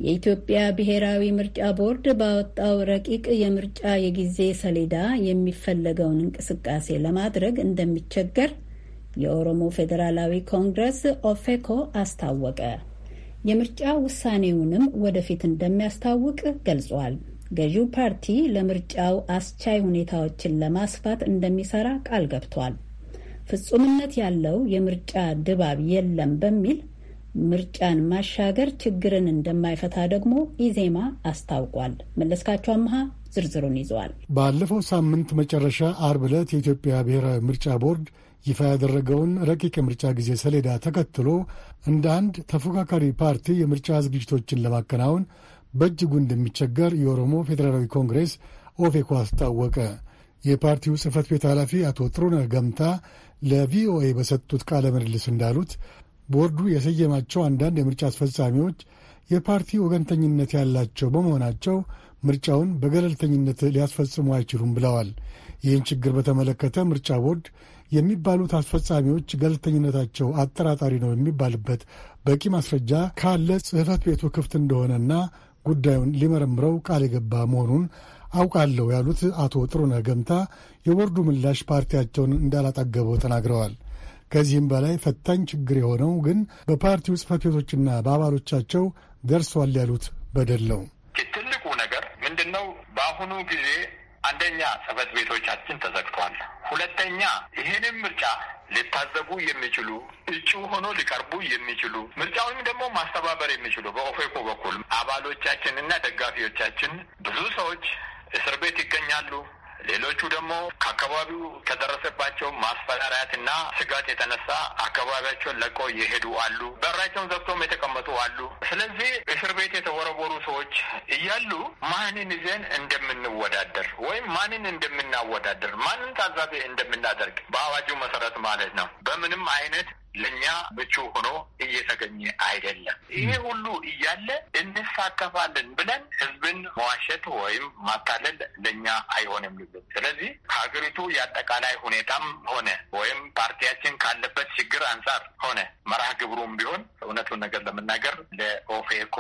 የኢትዮጵያ ብሔራዊ ምርጫ ቦርድ ባወጣው ረቂቅ የምርጫ የጊዜ ሰሌዳ የሚፈለገውን እንቅስቃሴ ለማድረግ እንደሚቸገር የኦሮሞ ፌዴራላዊ ኮንግረስ ኦፌኮ አስታወቀ። የምርጫ ውሳኔውንም ወደፊት እንደሚያስታውቅ ገልጿል። ገዢው ፓርቲ ለምርጫው አስቻይ ሁኔታዎችን ለማስፋት እንደሚሰራ ቃል ገብቷል። ፍጹምነት ያለው የምርጫ ድባብ የለም በሚል ምርጫን ማሻገር ችግርን እንደማይፈታ ደግሞ ኢዜማ አስታውቋል። መለስካቸው አምሃ ዝርዝሩን ይዘዋል። ባለፈው ሳምንት መጨረሻ አርብ ዕለት የኢትዮጵያ ብሔራዊ ምርጫ ቦርድ ይፋ ያደረገውን ረቂቅ የምርጫ ጊዜ ሰሌዳ ተከትሎ እንደ አንድ ተፎካካሪ ፓርቲ የምርጫ ዝግጅቶችን ለማከናወን በእጅጉ እንደሚቸገር የኦሮሞ ፌዴራላዊ ኮንግሬስ ኦፌኮ አስታወቀ። የፓርቲው ጽህፈት ቤት ኃላፊ አቶ ጥሩነህ ገምታ ለቪኦኤ በሰጡት ቃለ ምልልስ እንዳሉት ቦርዱ የሰየማቸው አንዳንድ የምርጫ አስፈጻሚዎች የፓርቲ ወገንተኝነት ያላቸው በመሆናቸው ምርጫውን በገለልተኝነት ሊያስፈጽሙ አይችሉም ብለዋል። ይህን ችግር በተመለከተ ምርጫ ቦርድ የሚባሉት አስፈጻሚዎች ገለልተኝነታቸው አጠራጣሪ ነው የሚባልበት በቂ ማስረጃ ካለ ጽሕፈት ቤቱ ክፍት እንደሆነና ጉዳዩን ሊመረምረው ቃል የገባ መሆኑን አውቃለሁ ያሉት አቶ ጥሩነህ ገምታ የቦርዱ ምላሽ ፓርቲያቸውን እንዳላጠገበው ተናግረዋል። ከዚህም በላይ ፈታኝ ችግር የሆነው ግን በፓርቲው ጽህፈት ቤቶችና በአባሎቻቸው ደርሷል ያሉት በደል ነው። ትልቁ ነገር ምንድን ነው? በአሁኑ ጊዜ አንደኛ ጽህፈት ቤቶቻችን ተዘግቷል። ሁለተኛ ይህንም ምርጫ ሊታዘቡ የሚችሉ እጩ ሆኖ ሊቀርቡ የሚችሉ ምርጫውንም ደግሞ ማስተባበር የሚችሉ በኦፌኮ በኩል አባሎቻችን እና ደጋፊዎቻችን ብዙ ሰዎች እስር ቤት ይገኛሉ። ሌሎቹ ደግሞ ከአካባቢው ከደረሰባቸው ማስፈራሪያትና ስጋት የተነሳ አካባቢያቸውን ለቀው እየሄዱ አሉ። በራቸውን ዘግቶም የተቀመጡ አሉ። ስለዚህ እስር ቤት የተወረወሩ ሰዎች እያሉ ማንን ይዘን እንደምንወዳደር ወይም ማንን እንደምናወዳደር ማንን ታዛቢ እንደምናደርግ በአዋጁ መሰረት ማለት ነው በምንም አይነት ለእኛ ምቹ ሆኖ እየተገኘ አይደለም። ይሄ ሁሉ እያለ እንሳተፋለን ብለን ህዝብን መዋሸት ወይም ማታለል ለእኛ አይሆንም። ስለዚህ ከሀገሪቱ የአጠቃላይ ሁኔታም ሆነ ወይም ፓርቲያችን ካለበት ችግር አንጻር ሆነ መርሃ ግብሩም ቢሆን እውነቱን ነገር ለመናገር ለኦፌኮ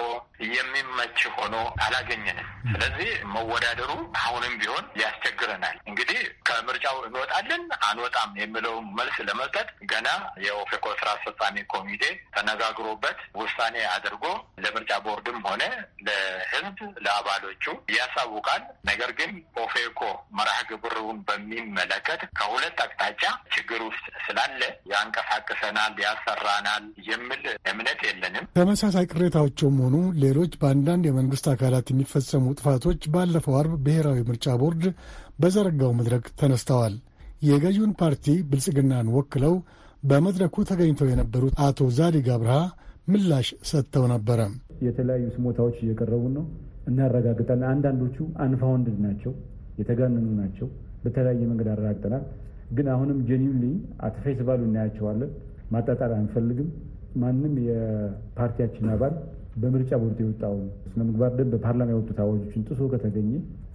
የሚመች ሆኖ አላገኘንም። ስለዚህ መወዳደሩ አሁንም ቢሆን ያስቸግረናል። እንግዲህ ከምርጫው እንወጣለን አንወጣም የሚለውን መልስ ለመስጠት ገና የኦፌኮ የሸንኮ ስራ አስፈጻሚ ኮሚቴ ተነጋግሮበት ውሳኔ አድርጎ ለምርጫ ቦርድም ሆነ ለህዝብ ለአባሎቹ ያሳውቃል። ነገር ግን ኦፌኮ መርሃ ግብሩን በሚመለከት ከሁለት አቅጣጫ ችግር ውስጥ ስላለ ያንቀሳቅሰናል፣ ያሰራናል የሚል እምነት የለንም። ተመሳሳይ ቅሬታዎችም ሆኑ ሌሎች በአንዳንድ የመንግስት አካላት የሚፈጸሙ ጥፋቶች ባለፈው አርብ ብሔራዊ ምርጫ ቦርድ በዘረጋው መድረክ ተነስተዋል። የገዢውን ፓርቲ ብልጽግናን ወክለው በመድረኩ ተገኝተው የነበሩት አቶ ዛዲግ አብርሃ ምላሽ ሰጥተው ነበረ። የተለያዩ ስሞታዎች እየቀረቡ ነው፣ እናረጋግጣለን። አንዳንዶቹ አንፋውንድድ ናቸው፣ የተጋነኑ ናቸው። በተለያየ መንገድ አረጋግጠናል። ግን አሁንም ጀኒሊ አትፌስ ባሉ እናያቸዋለን። ማጣጣል አንፈልግም። ማንም የፓርቲያችን አባል በምርጫ ቦርድ የወጣውን ስነ ምግባር ደንብ በፓርላማ የወጡት አዋጆችን ጥሶ ከተገኘ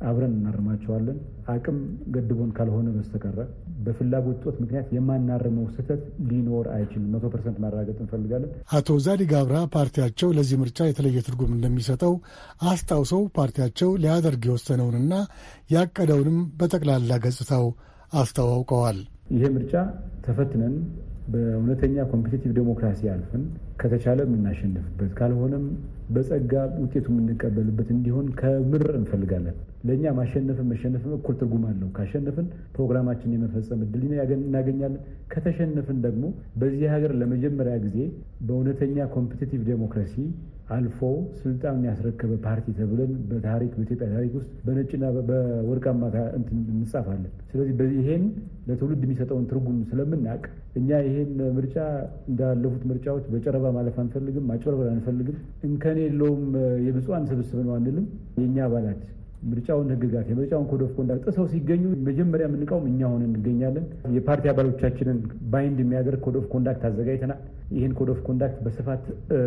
አብረን እናርማቸዋለን። አቅም ገድቦን ካልሆነ በስተቀረ በፍላጎት ጦት ምክንያት የማናርመው ስህተት ሊኖር አይችልም። መቶ ፐርሰንት ማረጋገጥ እንፈልጋለን። አቶ ዛዲግ አብርሃ ፓርቲያቸው ለዚህ ምርጫ የተለየ ትርጉም እንደሚሰጠው አስታውሰው ፓርቲያቸው ሊያደርግ የወሰነውንና ያቀደውንም በጠቅላላ ገጽታው አስተዋውቀዋል። ይሄ ምርጫ ተፈትነን በእውነተኛ ኮምፒቲቲቭ ዴሞክራሲ አልፍን ከተቻለ የምናሸንፍበት ካልሆነም በጸጋ ውጤቱ የምንቀበልበት እንዲሆን ከምር እንፈልጋለን። ለእኛ ማሸነፍን መሸነፍም እኩል ትርጉም አለው። ካሸነፍን ፕሮግራማችን የመፈጸም እድል እናገኛለን። ከተሸነፍን ደግሞ በዚህ ሀገር ለመጀመሪያ ጊዜ በእውነተኛ ኮምፒቲቲቭ ዴሞክራሲ አልፎ ስልጣን ያስረከበ ፓርቲ ተብለን በታሪክ በኢትዮጵያ ታሪክ ውስጥ በነጭና በወርቃማ እንጻፋለን። ስለዚህ ይሄን ለትውልድ የሚሰጠውን ትርጉም ስለምናውቅ እኛ ይሄን ምርጫ እንዳለፉት ምርጫዎች በጨረባ ማለፍ አንፈልግም፣ ማጭበርበር አንፈልግም። እንከን የለውም የብፁዓን ስብስብ ነው አንልም። የእኛ አባላት ምርጫውን ህግጋት የምርጫውን ኮድ ኦፍ ኮንዳክት ጥሰው ሲገኙ መጀመሪያ የምንቃውም እኛ ሆነን እንገኛለን። የፓርቲ አባሎቻችንን ባይንድ የሚያደርግ ኮድ ኦፍ ኮንዳክት አዘጋጅተናል። ይህን ኮድ ኦፍ ኮንዳክት በስፋት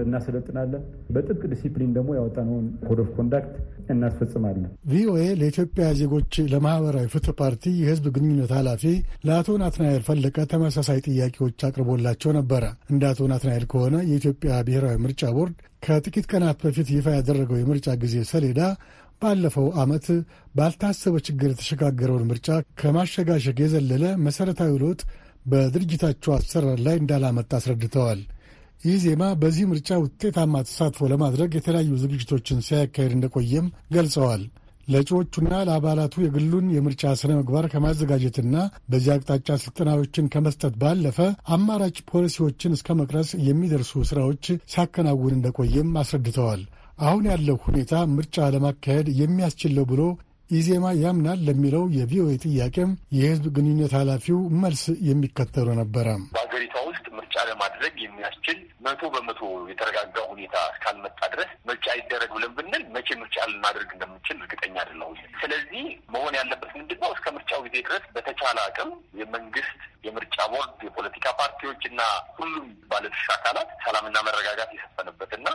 እናሰለጥናለን። በጥብቅ ዲሲፕሊን ደግሞ ያወጣነውን ኮድ ኦፍ ኮንዳክት እናስፈጽማለን። ቪኦኤ ለኢትዮጵያ ዜጎች ለማህበራዊ ፍትህ ፓርቲ የህዝብ ግንኙነት ኃላፊ ለአቶ ናትናኤል ፈለቀ ተመሳሳይ ጥያቄዎች አቅርቦላቸው ነበረ። እንደ አቶ ናትናኤል ከሆነ የኢትዮጵያ ብሔራዊ ምርጫ ቦርድ ከጥቂት ቀናት በፊት ይፋ ያደረገው የምርጫ ጊዜ ሰሌዳ ባለፈው ዓመት ባልታሰበ ችግር የተሸጋገረውን ምርጫ ከማሸጋሸግ የዘለለ መሠረታዊ ለውጥ በድርጅታቸው አሰራር ላይ እንዳላመጣ አስረድተዋል። ይህ ዜማ በዚህ ምርጫ ውጤታማ ተሳትፎ ለማድረግ የተለያዩ ዝግጅቶችን ሲያካሄድ እንደቆየም ገልጸዋል። ለእጩዎቹና ለአባላቱ የግሉን የምርጫ ሥነ ምግባር ከማዘጋጀትና በዚህ አቅጣጫ ሥልጠናዎችን ከመስጠት ባለፈ አማራጭ ፖሊሲዎችን እስከ መቅረጽ የሚደርሱ ሥራዎች ሲያከናውን እንደቆየም አስረድተዋል። አሁን ያለው ሁኔታ ምርጫ ለማካሄድ የሚያስችለው ብሎ ኢዜማ ያምናል ለሚለው የቪኦኤ ጥያቄም የህዝብ ግንኙነት ኃላፊው መልስ የሚከተሉ ነበረ። በሀገሪቷ ውስጥ ምርጫ ለማድረግ የሚያስችል መቶ በመቶ የተረጋጋ ሁኔታ እስካልመጣ ድረስ ምርጫ ይደረግ ብለን ብንል መቼ ምርጫ ልናደርግ እንደምንችል እርግጠኛ አይደለሁም። ስለዚህ መሆን ያለበት ምንድን ነው? እስከ ምርጫው ጊዜ ድረስ በተቻለ አቅም የመንግስት የምርጫ ቦርድ፣ የፖለቲካ ፓርቲዎች እና ሁሉም ባለድርሻ አካላት ሰላምና መረጋጋት የሰፈነበትና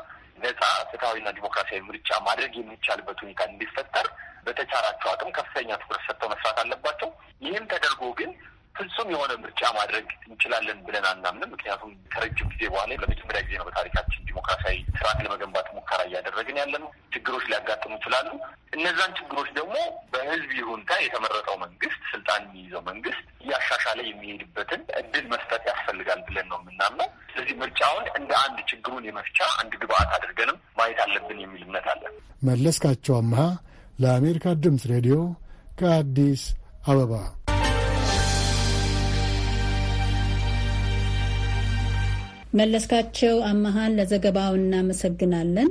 ነጻ ፍትሐዊና ዲሞክራሲያዊ ምርጫ ማድረግ የሚቻልበት ሁኔታ እንዲፈጠር በተቻላቸው አቅም ከፍተኛ ትኩረት ሰጥተው መስራት አለባቸው። ይህም ተደርጎ ግን ፍጹም የሆነ ምርጫ ማድረግ እንችላለን ብለን አናምንም። ምክንያቱም ከረጅም ጊዜ በኋላ ለመጀመሪያ ጊዜ ነው በታሪካችን ዲሞክራሲያዊ ስርዓት ለመገንባት ሙከራ እያደረግን ያለ ነው። ችግሮች ሊያጋጥሙ ይችላሉ። እነዛን ችግሮች ደግሞ በህዝብ ይሁንታ የተመረጠው መንግስት፣ ስልጣን የሚይዘው መንግስት እያሻሻለ የሚሄድበትን እድል መስጠት ያስፈልጋል ብለን ነው የምናምነው። ስለዚህ ምርጫውን እንደ አንድ ችግሩን የመፍቻ አንድ ግብአት አድርገንም ማየት አለብን የሚል እምነት አለን። መለስካቸው አምሃ ለአሜሪካ ድምፅ ሬዲዮ ከአዲስ አበባ መለስካቸው አመሃን ለዘገባው እናመሰግናለን።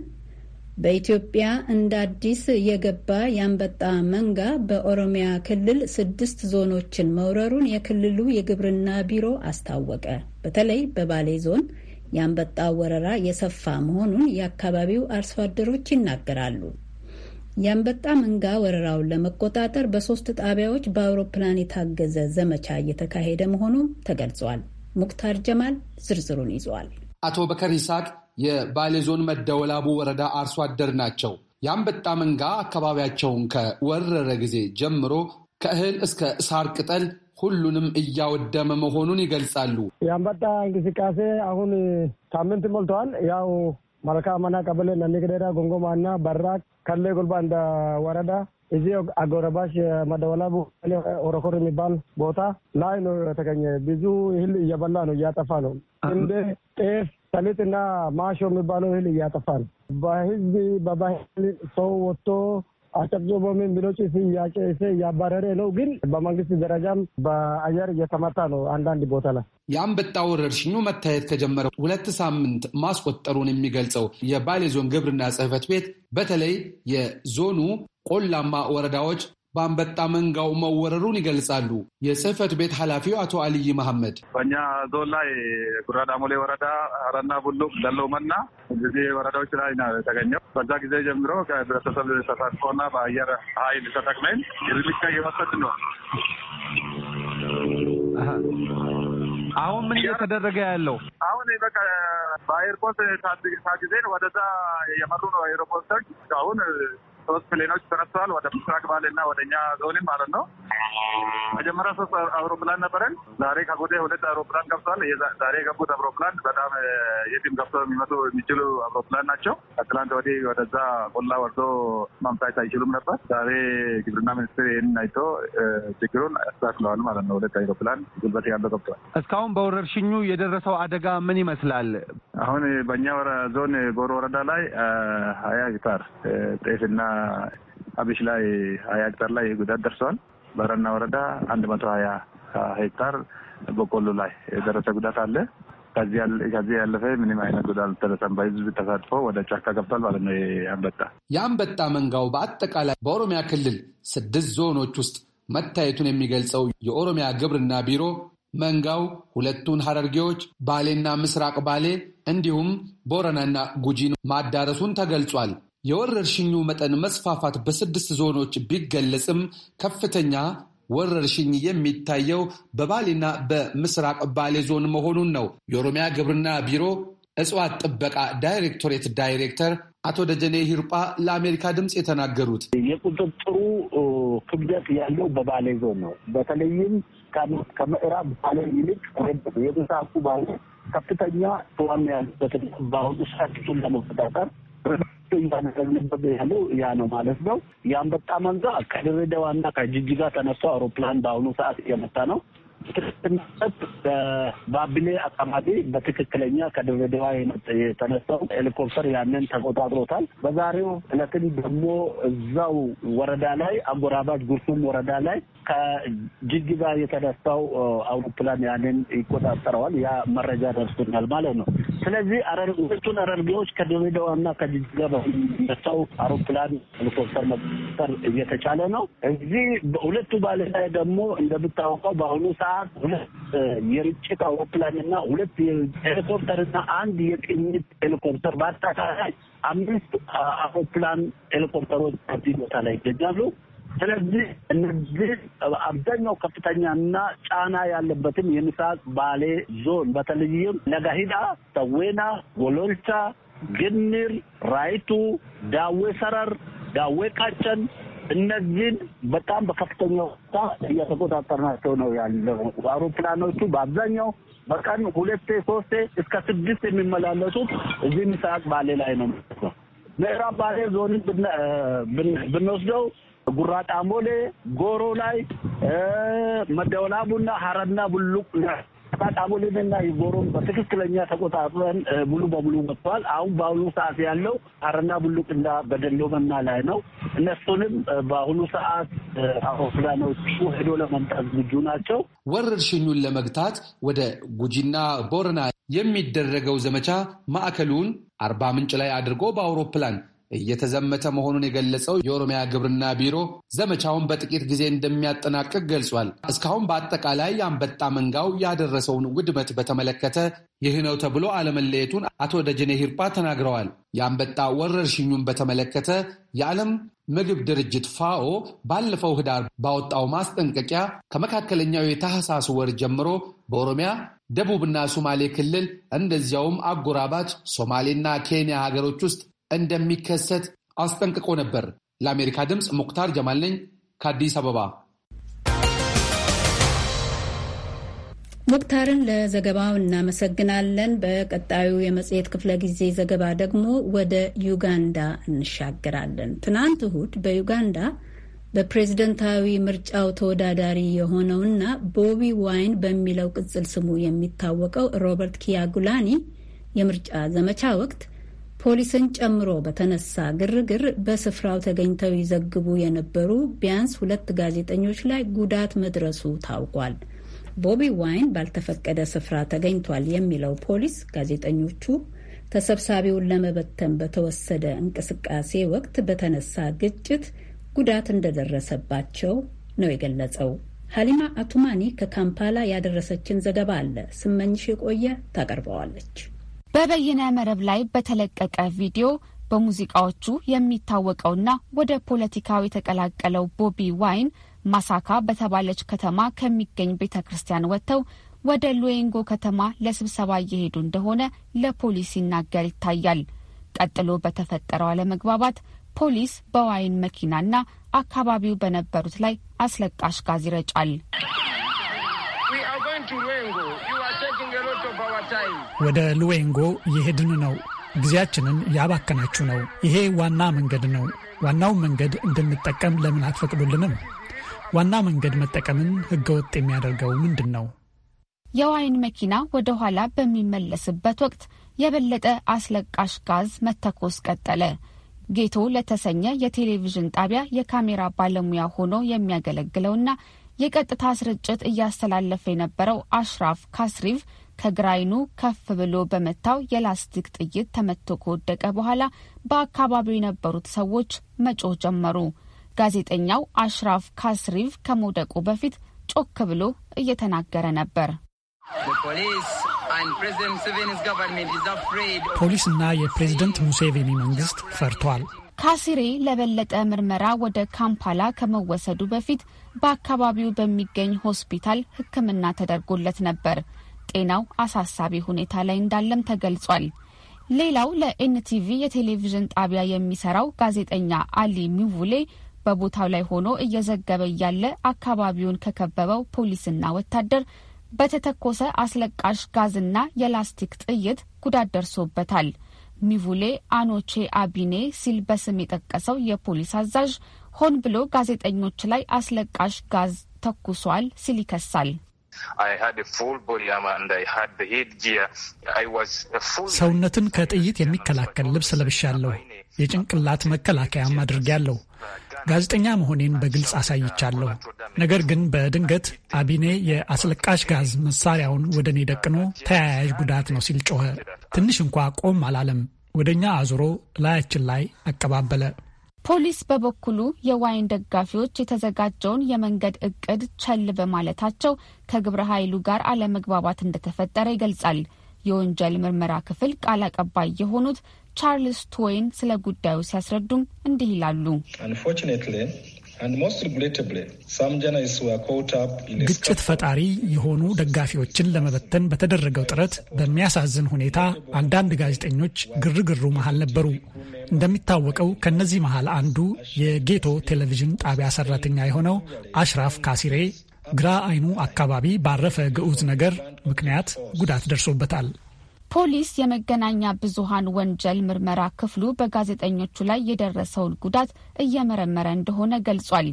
በኢትዮጵያ እንደ አዲስ የገባ የአንበጣ መንጋ በኦሮሚያ ክልል ስድስት ዞኖችን መውረሩን የክልሉ የግብርና ቢሮ አስታወቀ። በተለይ በባሌ ዞን የአንበጣ ወረራ የሰፋ መሆኑን የአካባቢው አርሶ አደሮች ይናገራሉ። የአንበጣ መንጋ ወረራውን ለመቆጣጠር በሶስት ጣቢያዎች በአውሮፕላን የታገዘ ዘመቻ እየተካሄደ መሆኑ ተገልጿል። ሙክታር ጀማል ዝርዝሩን ይዘዋል። አቶ በከር ይስሐቅ የባሌ ዞን መደወላቡ ወረዳ አርሶ አደር ናቸው። የአንበጣ መንጋ አካባቢያቸውን ከወረረ ጊዜ ጀምሮ ከእህል እስከ ሳር ቅጠል ሁሉንም እያወደመ መሆኑን ይገልጻሉ። የአንበጣ እንቅስቃሴ አሁን ሳምንት ሞልተዋል። ያው መልካመና ቀበሌ ነሚቅደዳ ጎንጎማና በራ ከሌ ጉልባ እንደ ወረዳ እዚህ አጎራባሽ መደወላቡ ኦሮኮር የሚባል ቦታ ላይ ነው የተገኘ። ብዙ እህል እየበላ ነው፣ እያጠፋ ነው። እንደ ጤፍ፣ ሰሊጥ እና ማሾ የሚባለው እህል እያጠፋ ነው። በህዝብ በባህል ሰው ወጥቶ አጨብጭቦ በምን ጭስ እያባረረ ነው። ግን በመንግስት ደረጃም በአየር እየተመታ ነው። አንዳንድ ቦታ ላይ የአንበጣ ወረርሽኙ መታየት ከጀመረ ሁለት ሳምንት ማስቆጠሩን የሚገልጸው የባሌ ዞን ግብርና ጽሕፈት ቤት በተለይ የዞኑ ቆላማ ወረዳዎች በአንበጣ መንጋው መወረሩን ይገልጻሉ። የጽህፈት ቤት ኃላፊው አቶ አልይ መሐመድ በእኛ ዞን ላይ ሞሌ ወረዳ፣ አረና ቡሉ፣ ለሎመና እዚህ ወረዳዎች ላይ ነው የተገኘው። በዛ ጊዜ ጀምሮ ከህብረተሰብ ተሳትፎና በአየር ኃይል ተጠቅመን እርምጃ እየወሰድ ነው። አሁን ምን እየተደረገ ያለው? አሁን በቃ በኤርፖርት ታግዜን ወደዛ የመሩ ነው ኤሮፖርቶች አሁን ሶስት ፕሌኖች ተነስተዋል ወደ ምስራቅ ባሌ እና ወደ እኛ ዞንም ማለት ነው። መጀመሪያ ሶስት አውሮፕላን ነበረን። ዛሬ ከጎዴ ሁለት አውሮፕላን ገብተዋል። ዛሬ የገቡት አውሮፕላን በጣም የትም ገብቶ የሚመጡ የሚችሉ አውሮፕላን ናቸው። ከትላንት ወዲህ ወደዛ ቆላ ወርዶ ማምጣት አይችሉም ነበር። ዛሬ ግብርና ሚኒስትር ይህንን አይቶ ችግሩን ያስተካክለዋል ማለት ነው። ሁለት አውሮፕላን ጉልበት ያለው ገብተዋል። እስካሁን በወረርሽኙ የደረሰው አደጋ ምን ይመስላል? አሁን በእኛ ዞን ጎሮ ወረዳ ላይ ሀያ ሄክታር ጤፍና አብሽ ላይ ሀያ ሄክታር ላይ ጉዳት ደርሰዋል። በረና ወረዳ አንድ መቶ ሀያ ሄክታር በቆሎ ላይ የደረሰ ጉዳት አለ። ከዚህ ያለፈ ምንም አይነት ጉዳት አልደረሰም። በህዝብ ተሳትፎ ወደ ጫካ ገብቷል ማለት ነው። አንበጣ የአንበጣ መንጋው በአጠቃላይ በኦሮሚያ ክልል ስድስት ዞኖች ውስጥ መታየቱን የሚገልጸው የኦሮሚያ ግብርና ቢሮ መንጋው ሁለቱን ሀረርጌዎች ባሌና ምስራቅ ባሌ እንዲሁም ቦረናና ጉጂን ማዳረሱን ተገልጿል። የወረርሽኙ መጠን መስፋፋት በስድስት ዞኖች ቢገለጽም ከፍተኛ ወረርሽኝ የሚታየው በባሌና በምስራቅ ባሌ ዞን መሆኑን ነው የኦሮሚያ ግብርና ቢሮ እጽዋት ጥበቃ ዳይሬክቶሬት ዳይሬክተር አቶ ደጀኔ ሂርጳ ለአሜሪካ ድምፅ የተናገሩት የቁጥጥሩ ክብደት ያለው በባሌ ዞን ነው። በተለይም ከምዕራብ ባሌ ይልቅ የምስራቁ ባሌ ከፍተኛ ተዋሚ ያሉበትን በአሁኑ ሰዓት እሱን ለመቆጣጠር እያደረግንበት ያለው ያ ነው ማለት ነው። የአንበጣ መንጋ ከድሬዳዋና ከጅጅጋ ተነስቶ አውሮፕላን በአሁኑ ሰዓት እየመጣ ነው። በባቢሌ አካባቢ በትክክለኛ ከድሬዳዋ የተነሳው ሄሊኮፕተር ያንን ተቆጣጥሮታል። በዛሬው እለትም ደግሞ እዛው ወረዳ ላይ አጎራባች ጉርሱም ወረዳ ላይ ከጅግዛ የተነሳው አውሮፕላን ያንን ይቆጣጠረዋል። ያ መረጃ ደርሶናል ማለት ነው። ስለዚህ ሁለቱን አረርጌዎች ከድሬዳዋና ከጅግዛ በነሳው አውሮፕላን ሄሊኮፕተር መቆጣጠር እየተቻለ ነው። እዚህ ሁለቱ ባለላይ ደግሞ እንደምታወቀው በአሁኑ ሰ ሰዓት ሁለት የርጭት አውሮፕላንና ሁለት ሄሊኮፕተርና አንድ የቅኝት ሄሊኮፕተር በአጠቃላይ አምስት አውሮፕላን ሄሊኮፕተሮች በዚህ ቦታ ላይ ይገኛሉ። ስለዚህ እነዚህ አብዛኛው ከፍተኛና ጫና ያለበትን የምስራቅ ባሌ ዞን በተለይም ነጋሂዳ፣ ሰዌና፣ ጎሎልቻ፣ ግንር፣ ራይቱ፣ ዳዌ ሰረር፣ ዳዌ ቃጨን እነዚህን በጣም በከፍተኛ ሁኔታ እየተቆጣጠርናቸው ነው ያለው። አውሮፕላኖቹ በአብዛኛው በቀን ሁለቴ ሶስቴ እስከ ስድስት የሚመላለሱት እዚህ ምስራቅ ባሌ ላይ ነው። ነው። ምዕራብ ባሌ ዞንን ብንወስደው ጉራ ጣሞሌ፣ ጎሮ ላይ፣ መደወላቡና ሀረና ቡሉቅ አጣጣቡልንና ይጎሩን በትክክለኛ ተቆጣጥረን ሙሉ በሙሉ ወጥቷል። አሁን በአሁኑ ሰዓት ያለው ቡሉቅ ቡሉቅና በደሎ መና ላይ ነው። እነሱንም በአሁኑ ሰዓት አውሮፕላኖቹ ሄዶ ለመምጣት ዝግጁ ናቸው። ወረርሽኙን ለመግታት ወደ ጉጂና ቦረና የሚደረገው ዘመቻ ማዕከሉን አርባ ምንጭ ላይ አድርጎ በአውሮፕላን እየተዘመተ መሆኑን የገለጸው የኦሮሚያ ግብርና ቢሮ ዘመቻውን በጥቂት ጊዜ እንደሚያጠናቅቅ ገልጿል። እስካሁን በአጠቃላይ አንበጣ መንጋው ያደረሰውን ውድመት በተመለከተ ይህ ነው ተብሎ አለመለየቱን አቶ ደጀኔ ሂርጳ ተናግረዋል። የአንበጣ ወረርሽኙን በተመለከተ የዓለም ምግብ ድርጅት ፋኦ ባለፈው ህዳር ባወጣው ማስጠንቀቂያ ከመካከለኛው የታህሳስ ወር ጀምሮ በኦሮሚያ ደቡብና ሶማሌ ክልል እንደዚያውም አጎራባች ሶማሌና ኬንያ ሀገሮች ውስጥ እንደሚከሰት አስጠንቅቆ ነበር። ለአሜሪካ ድምፅ ሙክታር ጀማል ነኝ ከአዲስ አበባ። ሙክታርን ለዘገባው እናመሰግናለን። በቀጣዩ የመጽሔት ክፍለ ጊዜ ዘገባ ደግሞ ወደ ዩጋንዳ እንሻገራለን። ትናንት እሁድ በዩጋንዳ በፕሬዝደንታዊ ምርጫው ተወዳዳሪ የሆነውና ቦቢ ዋይን በሚለው ቅጽል ስሙ የሚታወቀው ሮበርት ኪያጉላኒ የምርጫ ዘመቻ ወቅት ፖሊስን ጨምሮ በተነሳ ግርግር በስፍራው ተገኝተው ይዘግቡ የነበሩ ቢያንስ ሁለት ጋዜጠኞች ላይ ጉዳት መድረሱ ታውቋል። ቦቢ ዋይን ባልተፈቀደ ስፍራ ተገኝቷል የሚለው ፖሊስ ጋዜጠኞቹ ተሰብሳቢውን ለመበተን በተወሰደ እንቅስቃሴ ወቅት በተነሳ ግጭት ጉዳት እንደደረሰባቸው ነው የገለጸው። ሀሊማ አቱማኒ ከካምፓላ ያደረሰችን ዘገባ አለ ስመኝሽ የቆየ ታቀርበዋለች። በበይነ መረብ ላይ በተለቀቀ ቪዲዮ በሙዚቃዎቹ የሚታወቀውና ወደ ፖለቲካው የተቀላቀለው ቦቢ ዋይን ማሳካ በተባለች ከተማ ከሚገኝ ቤተ ክርስቲያን ወጥተው ወደ ሉዌንጎ ከተማ ለስብሰባ እየሄዱ እንደሆነ ለፖሊስ ሲናገር ይታያል። ቀጥሎ በተፈጠረው አለመግባባት ፖሊስ በዋይን መኪናና አካባቢው በነበሩት ላይ አስለቃሽ ጋዝ ይረጫል። ወደ ሉዌንጎ እየሄድን ነው። ጊዜያችንን ያባከናችሁ ነው። ይሄ ዋና መንገድ ነው። ዋናው መንገድ እንድንጠቀም ለምን አትፈቅዱልንም? ዋና መንገድ መጠቀምን ህገወጥ የሚያደርገው ምንድን ነው? የዋይን መኪና ወደ ኋላ በሚመለስበት ወቅት የበለጠ አስለቃሽ ጋዝ መተኮስ ቀጠለ። ጌቶ ለተሰኘ የቴሌቪዥን ጣቢያ የካሜራ ባለሙያ ሆኖ የሚያገለግለውና የቀጥታ ስርጭት እያስተላለፈ የነበረው አሽራፍ ካስሪቭ ከግራይኑ ከፍ ብሎ በመታው የላስቲክ ጥይት ተመቶ ከወደቀ በኋላ በአካባቢው የነበሩት ሰዎች መጮህ ጀመሩ። ጋዜጠኛው አሽራፍ ካስሪቭ ከመውደቁ በፊት ጮክ ብሎ እየተናገረ ነበር። ፖሊስና የፕሬዝደንት ሙሴቬኒ መንግስት ፈርቷል። ካሲሬ ለበለጠ ምርመራ ወደ ካምፓላ ከመወሰዱ በፊት በአካባቢው በሚገኝ ሆስፒታል ሕክምና ተደርጎለት ነበር። ጤናው አሳሳቢ ሁኔታ ላይ እንዳለም ተገልጿል። ሌላው ለኤንቲቪ የቴሌቪዥን ጣቢያ የሚሰራው ጋዜጠኛ አሊ ሚውሌ በቦታው ላይ ሆኖ እየዘገበ እያለ አካባቢውን ከከበበው ፖሊስና ወታደር በተተኮሰ አስለቃሽ ጋዝና የላስቲክ ጥይት ጉዳት ደርሶበታል። ሚቡሌ አኖቼ አቢኔ ሲል በስም የጠቀሰው የፖሊስ አዛዥ ሆን ብሎ ጋዜጠኞች ላይ አስለቃሽ ጋዝ ተኩሷል ሲል ይከሳል። ሰውነትን ከጥይት የሚከላከል ልብስ ለብሻለሁ። የጭንቅላት መከላከያም አድርጌያለሁ። ጋዜጠኛ መሆኔን በግልጽ አሳይቻለሁ። ነገር ግን በድንገት አቢኔ የአስለቃሽ ጋዝ መሳሪያውን ወደ እኔ ደቅኖ ተያያዥ ጉዳት ነው ሲል ጮኸ። ትንሽ እንኳ ቆም አላለም። ወደ እኛ አዙሮ ላያችን ላይ አቀባበለ። ፖሊስ በበኩሉ የዋይን ደጋፊዎች የተዘጋጀውን የመንገድ እቅድ ቸል በማለታቸው ከግብረ ኃይሉ ጋር አለመግባባት እንደተፈጠረ ይገልጻል። የወንጀል ምርመራ ክፍል ቃል አቀባይ የሆኑት ቻርልስ ቶይን ስለ ጉዳዩ ሲያስረዱም እንዲህ ይላሉ። ግጭት ፈጣሪ የሆኑ ደጋፊዎችን ለመበተን በተደረገው ጥረት በሚያሳዝን ሁኔታ አንዳንድ ጋዜጠኞች ግርግሩ መሃል ነበሩ። እንደሚታወቀው ከእነዚህ መሃል አንዱ የጌቶ ቴሌቪዥን ጣቢያ ሰራተኛ የሆነው አሽራፍ ካሲሬ ግራ አይኑ አካባቢ ባረፈ ግዑዝ ነገር ምክንያት ጉዳት ደርሶበታል። ፖሊስ የመገናኛ ብዙሃን ወንጀል ምርመራ ክፍሉ በጋዜጠኞቹ ላይ የደረሰውን ጉዳት እየመረመረ እንደሆነ ገልጿል።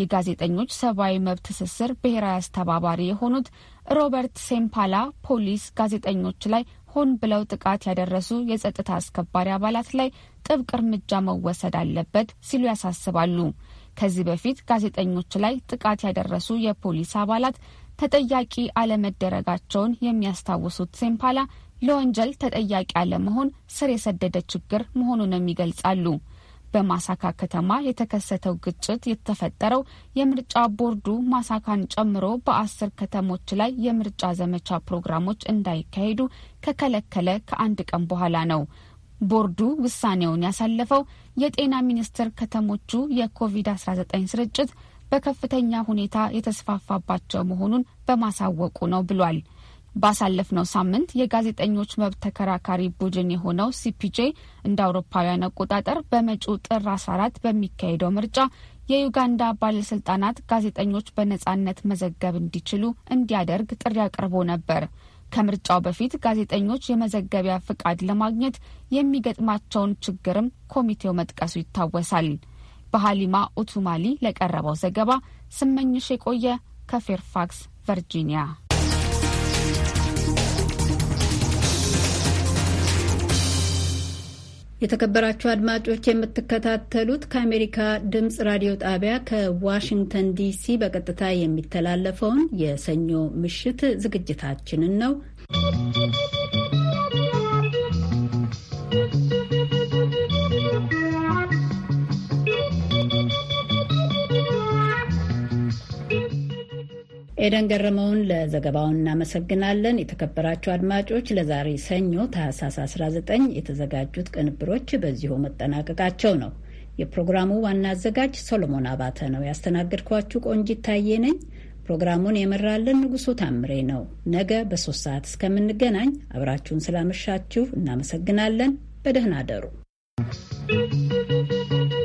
የጋዜጠኞች ሰብአዊ መብት ትስስር ብሔራዊ አስተባባሪ የሆኑት ሮበርት ሴምፓላ ፖሊስ ጋዜጠኞች ላይ ሆን ብለው ጥቃት ያደረሱ የጸጥታ አስከባሪ አባላት ላይ ጥብቅ እርምጃ መወሰድ አለበት ሲሉ ያሳስባሉ። ከዚህ በፊት ጋዜጠኞች ላይ ጥቃት ያደረሱ የፖሊስ አባላት ተጠያቂ አለመደረጋቸውን የሚያስታውሱት ሴምፓላ ለወንጀል ተጠያቂ አለመሆን ስር የሰደደ ችግር መሆኑንም ይገልጻሉ። በማሳካ ከተማ የተከሰተው ግጭት የተፈጠረው የምርጫ ቦርዱ ማሳካን ጨምሮ በአስር ከተሞች ላይ የምርጫ ዘመቻ ፕሮግራሞች እንዳይካሄዱ ከከለከለ ከአንድ ቀን በኋላ ነው። ቦርዱ ውሳኔውን ያሳለፈው የጤና ሚኒስቴር ከተሞቹ የኮቪድ-19 ስርጭት በከፍተኛ ሁኔታ የተስፋፋባቸው መሆኑን በማሳወቁ ነው ብሏል። ባሳለፍነው ሳምንት የጋዜጠኞች መብት ተከራካሪ ቡድን የሆነው ሲፒጄ እንደ አውሮፓውያን አቆጣጠር በመጪው ጥር 14 በሚካሄደው ምርጫ የዩጋንዳ ባለስልጣናት ጋዜጠኞች በነጻነት መዘገብ እንዲችሉ እንዲያደርግ ጥሪ አቅርቦ ነበር። ከምርጫው በፊት ጋዜጠኞች የመዘገቢያ ፍቃድ ለማግኘት የሚገጥማቸውን ችግርም ኮሚቴው መጥቀሱ ይታወሳል። በሃሊማ ኦቱማሊ ለቀረበው ዘገባ ስመኝሽ የቆየ ከፌርፋክስ ቨርጂኒያ። የተከበራችሁ አድማጮች የምትከታተሉት ከአሜሪካ ድምፅ ራዲዮ ጣቢያ ከዋሽንግተን ዲሲ በቀጥታ የሚተላለፈውን የሰኞ ምሽት ዝግጅታችንን ነው። ኤደን ገረመውን ለዘገባውን እናመሰግናለን። የተከበራችሁ አድማጮች ለዛሬ ሰኞ ታህሳስ 19 የተዘጋጁት ቅንብሮች በዚሁ መጠናቀቃቸው ነው። የፕሮግራሙ ዋና አዘጋጅ ሶሎሞን አባተ ነው። ያስተናገድኳችሁ ቆንጂት ታዬ ነኝ። ፕሮግራሙን የመራልን ንጉሱ ታምሬ ነው። ነገ በሶስት ሰዓት እስከምንገናኝ አብራችሁን ስላመሻችሁ እናመሰግናለን። በደህና አደሩ።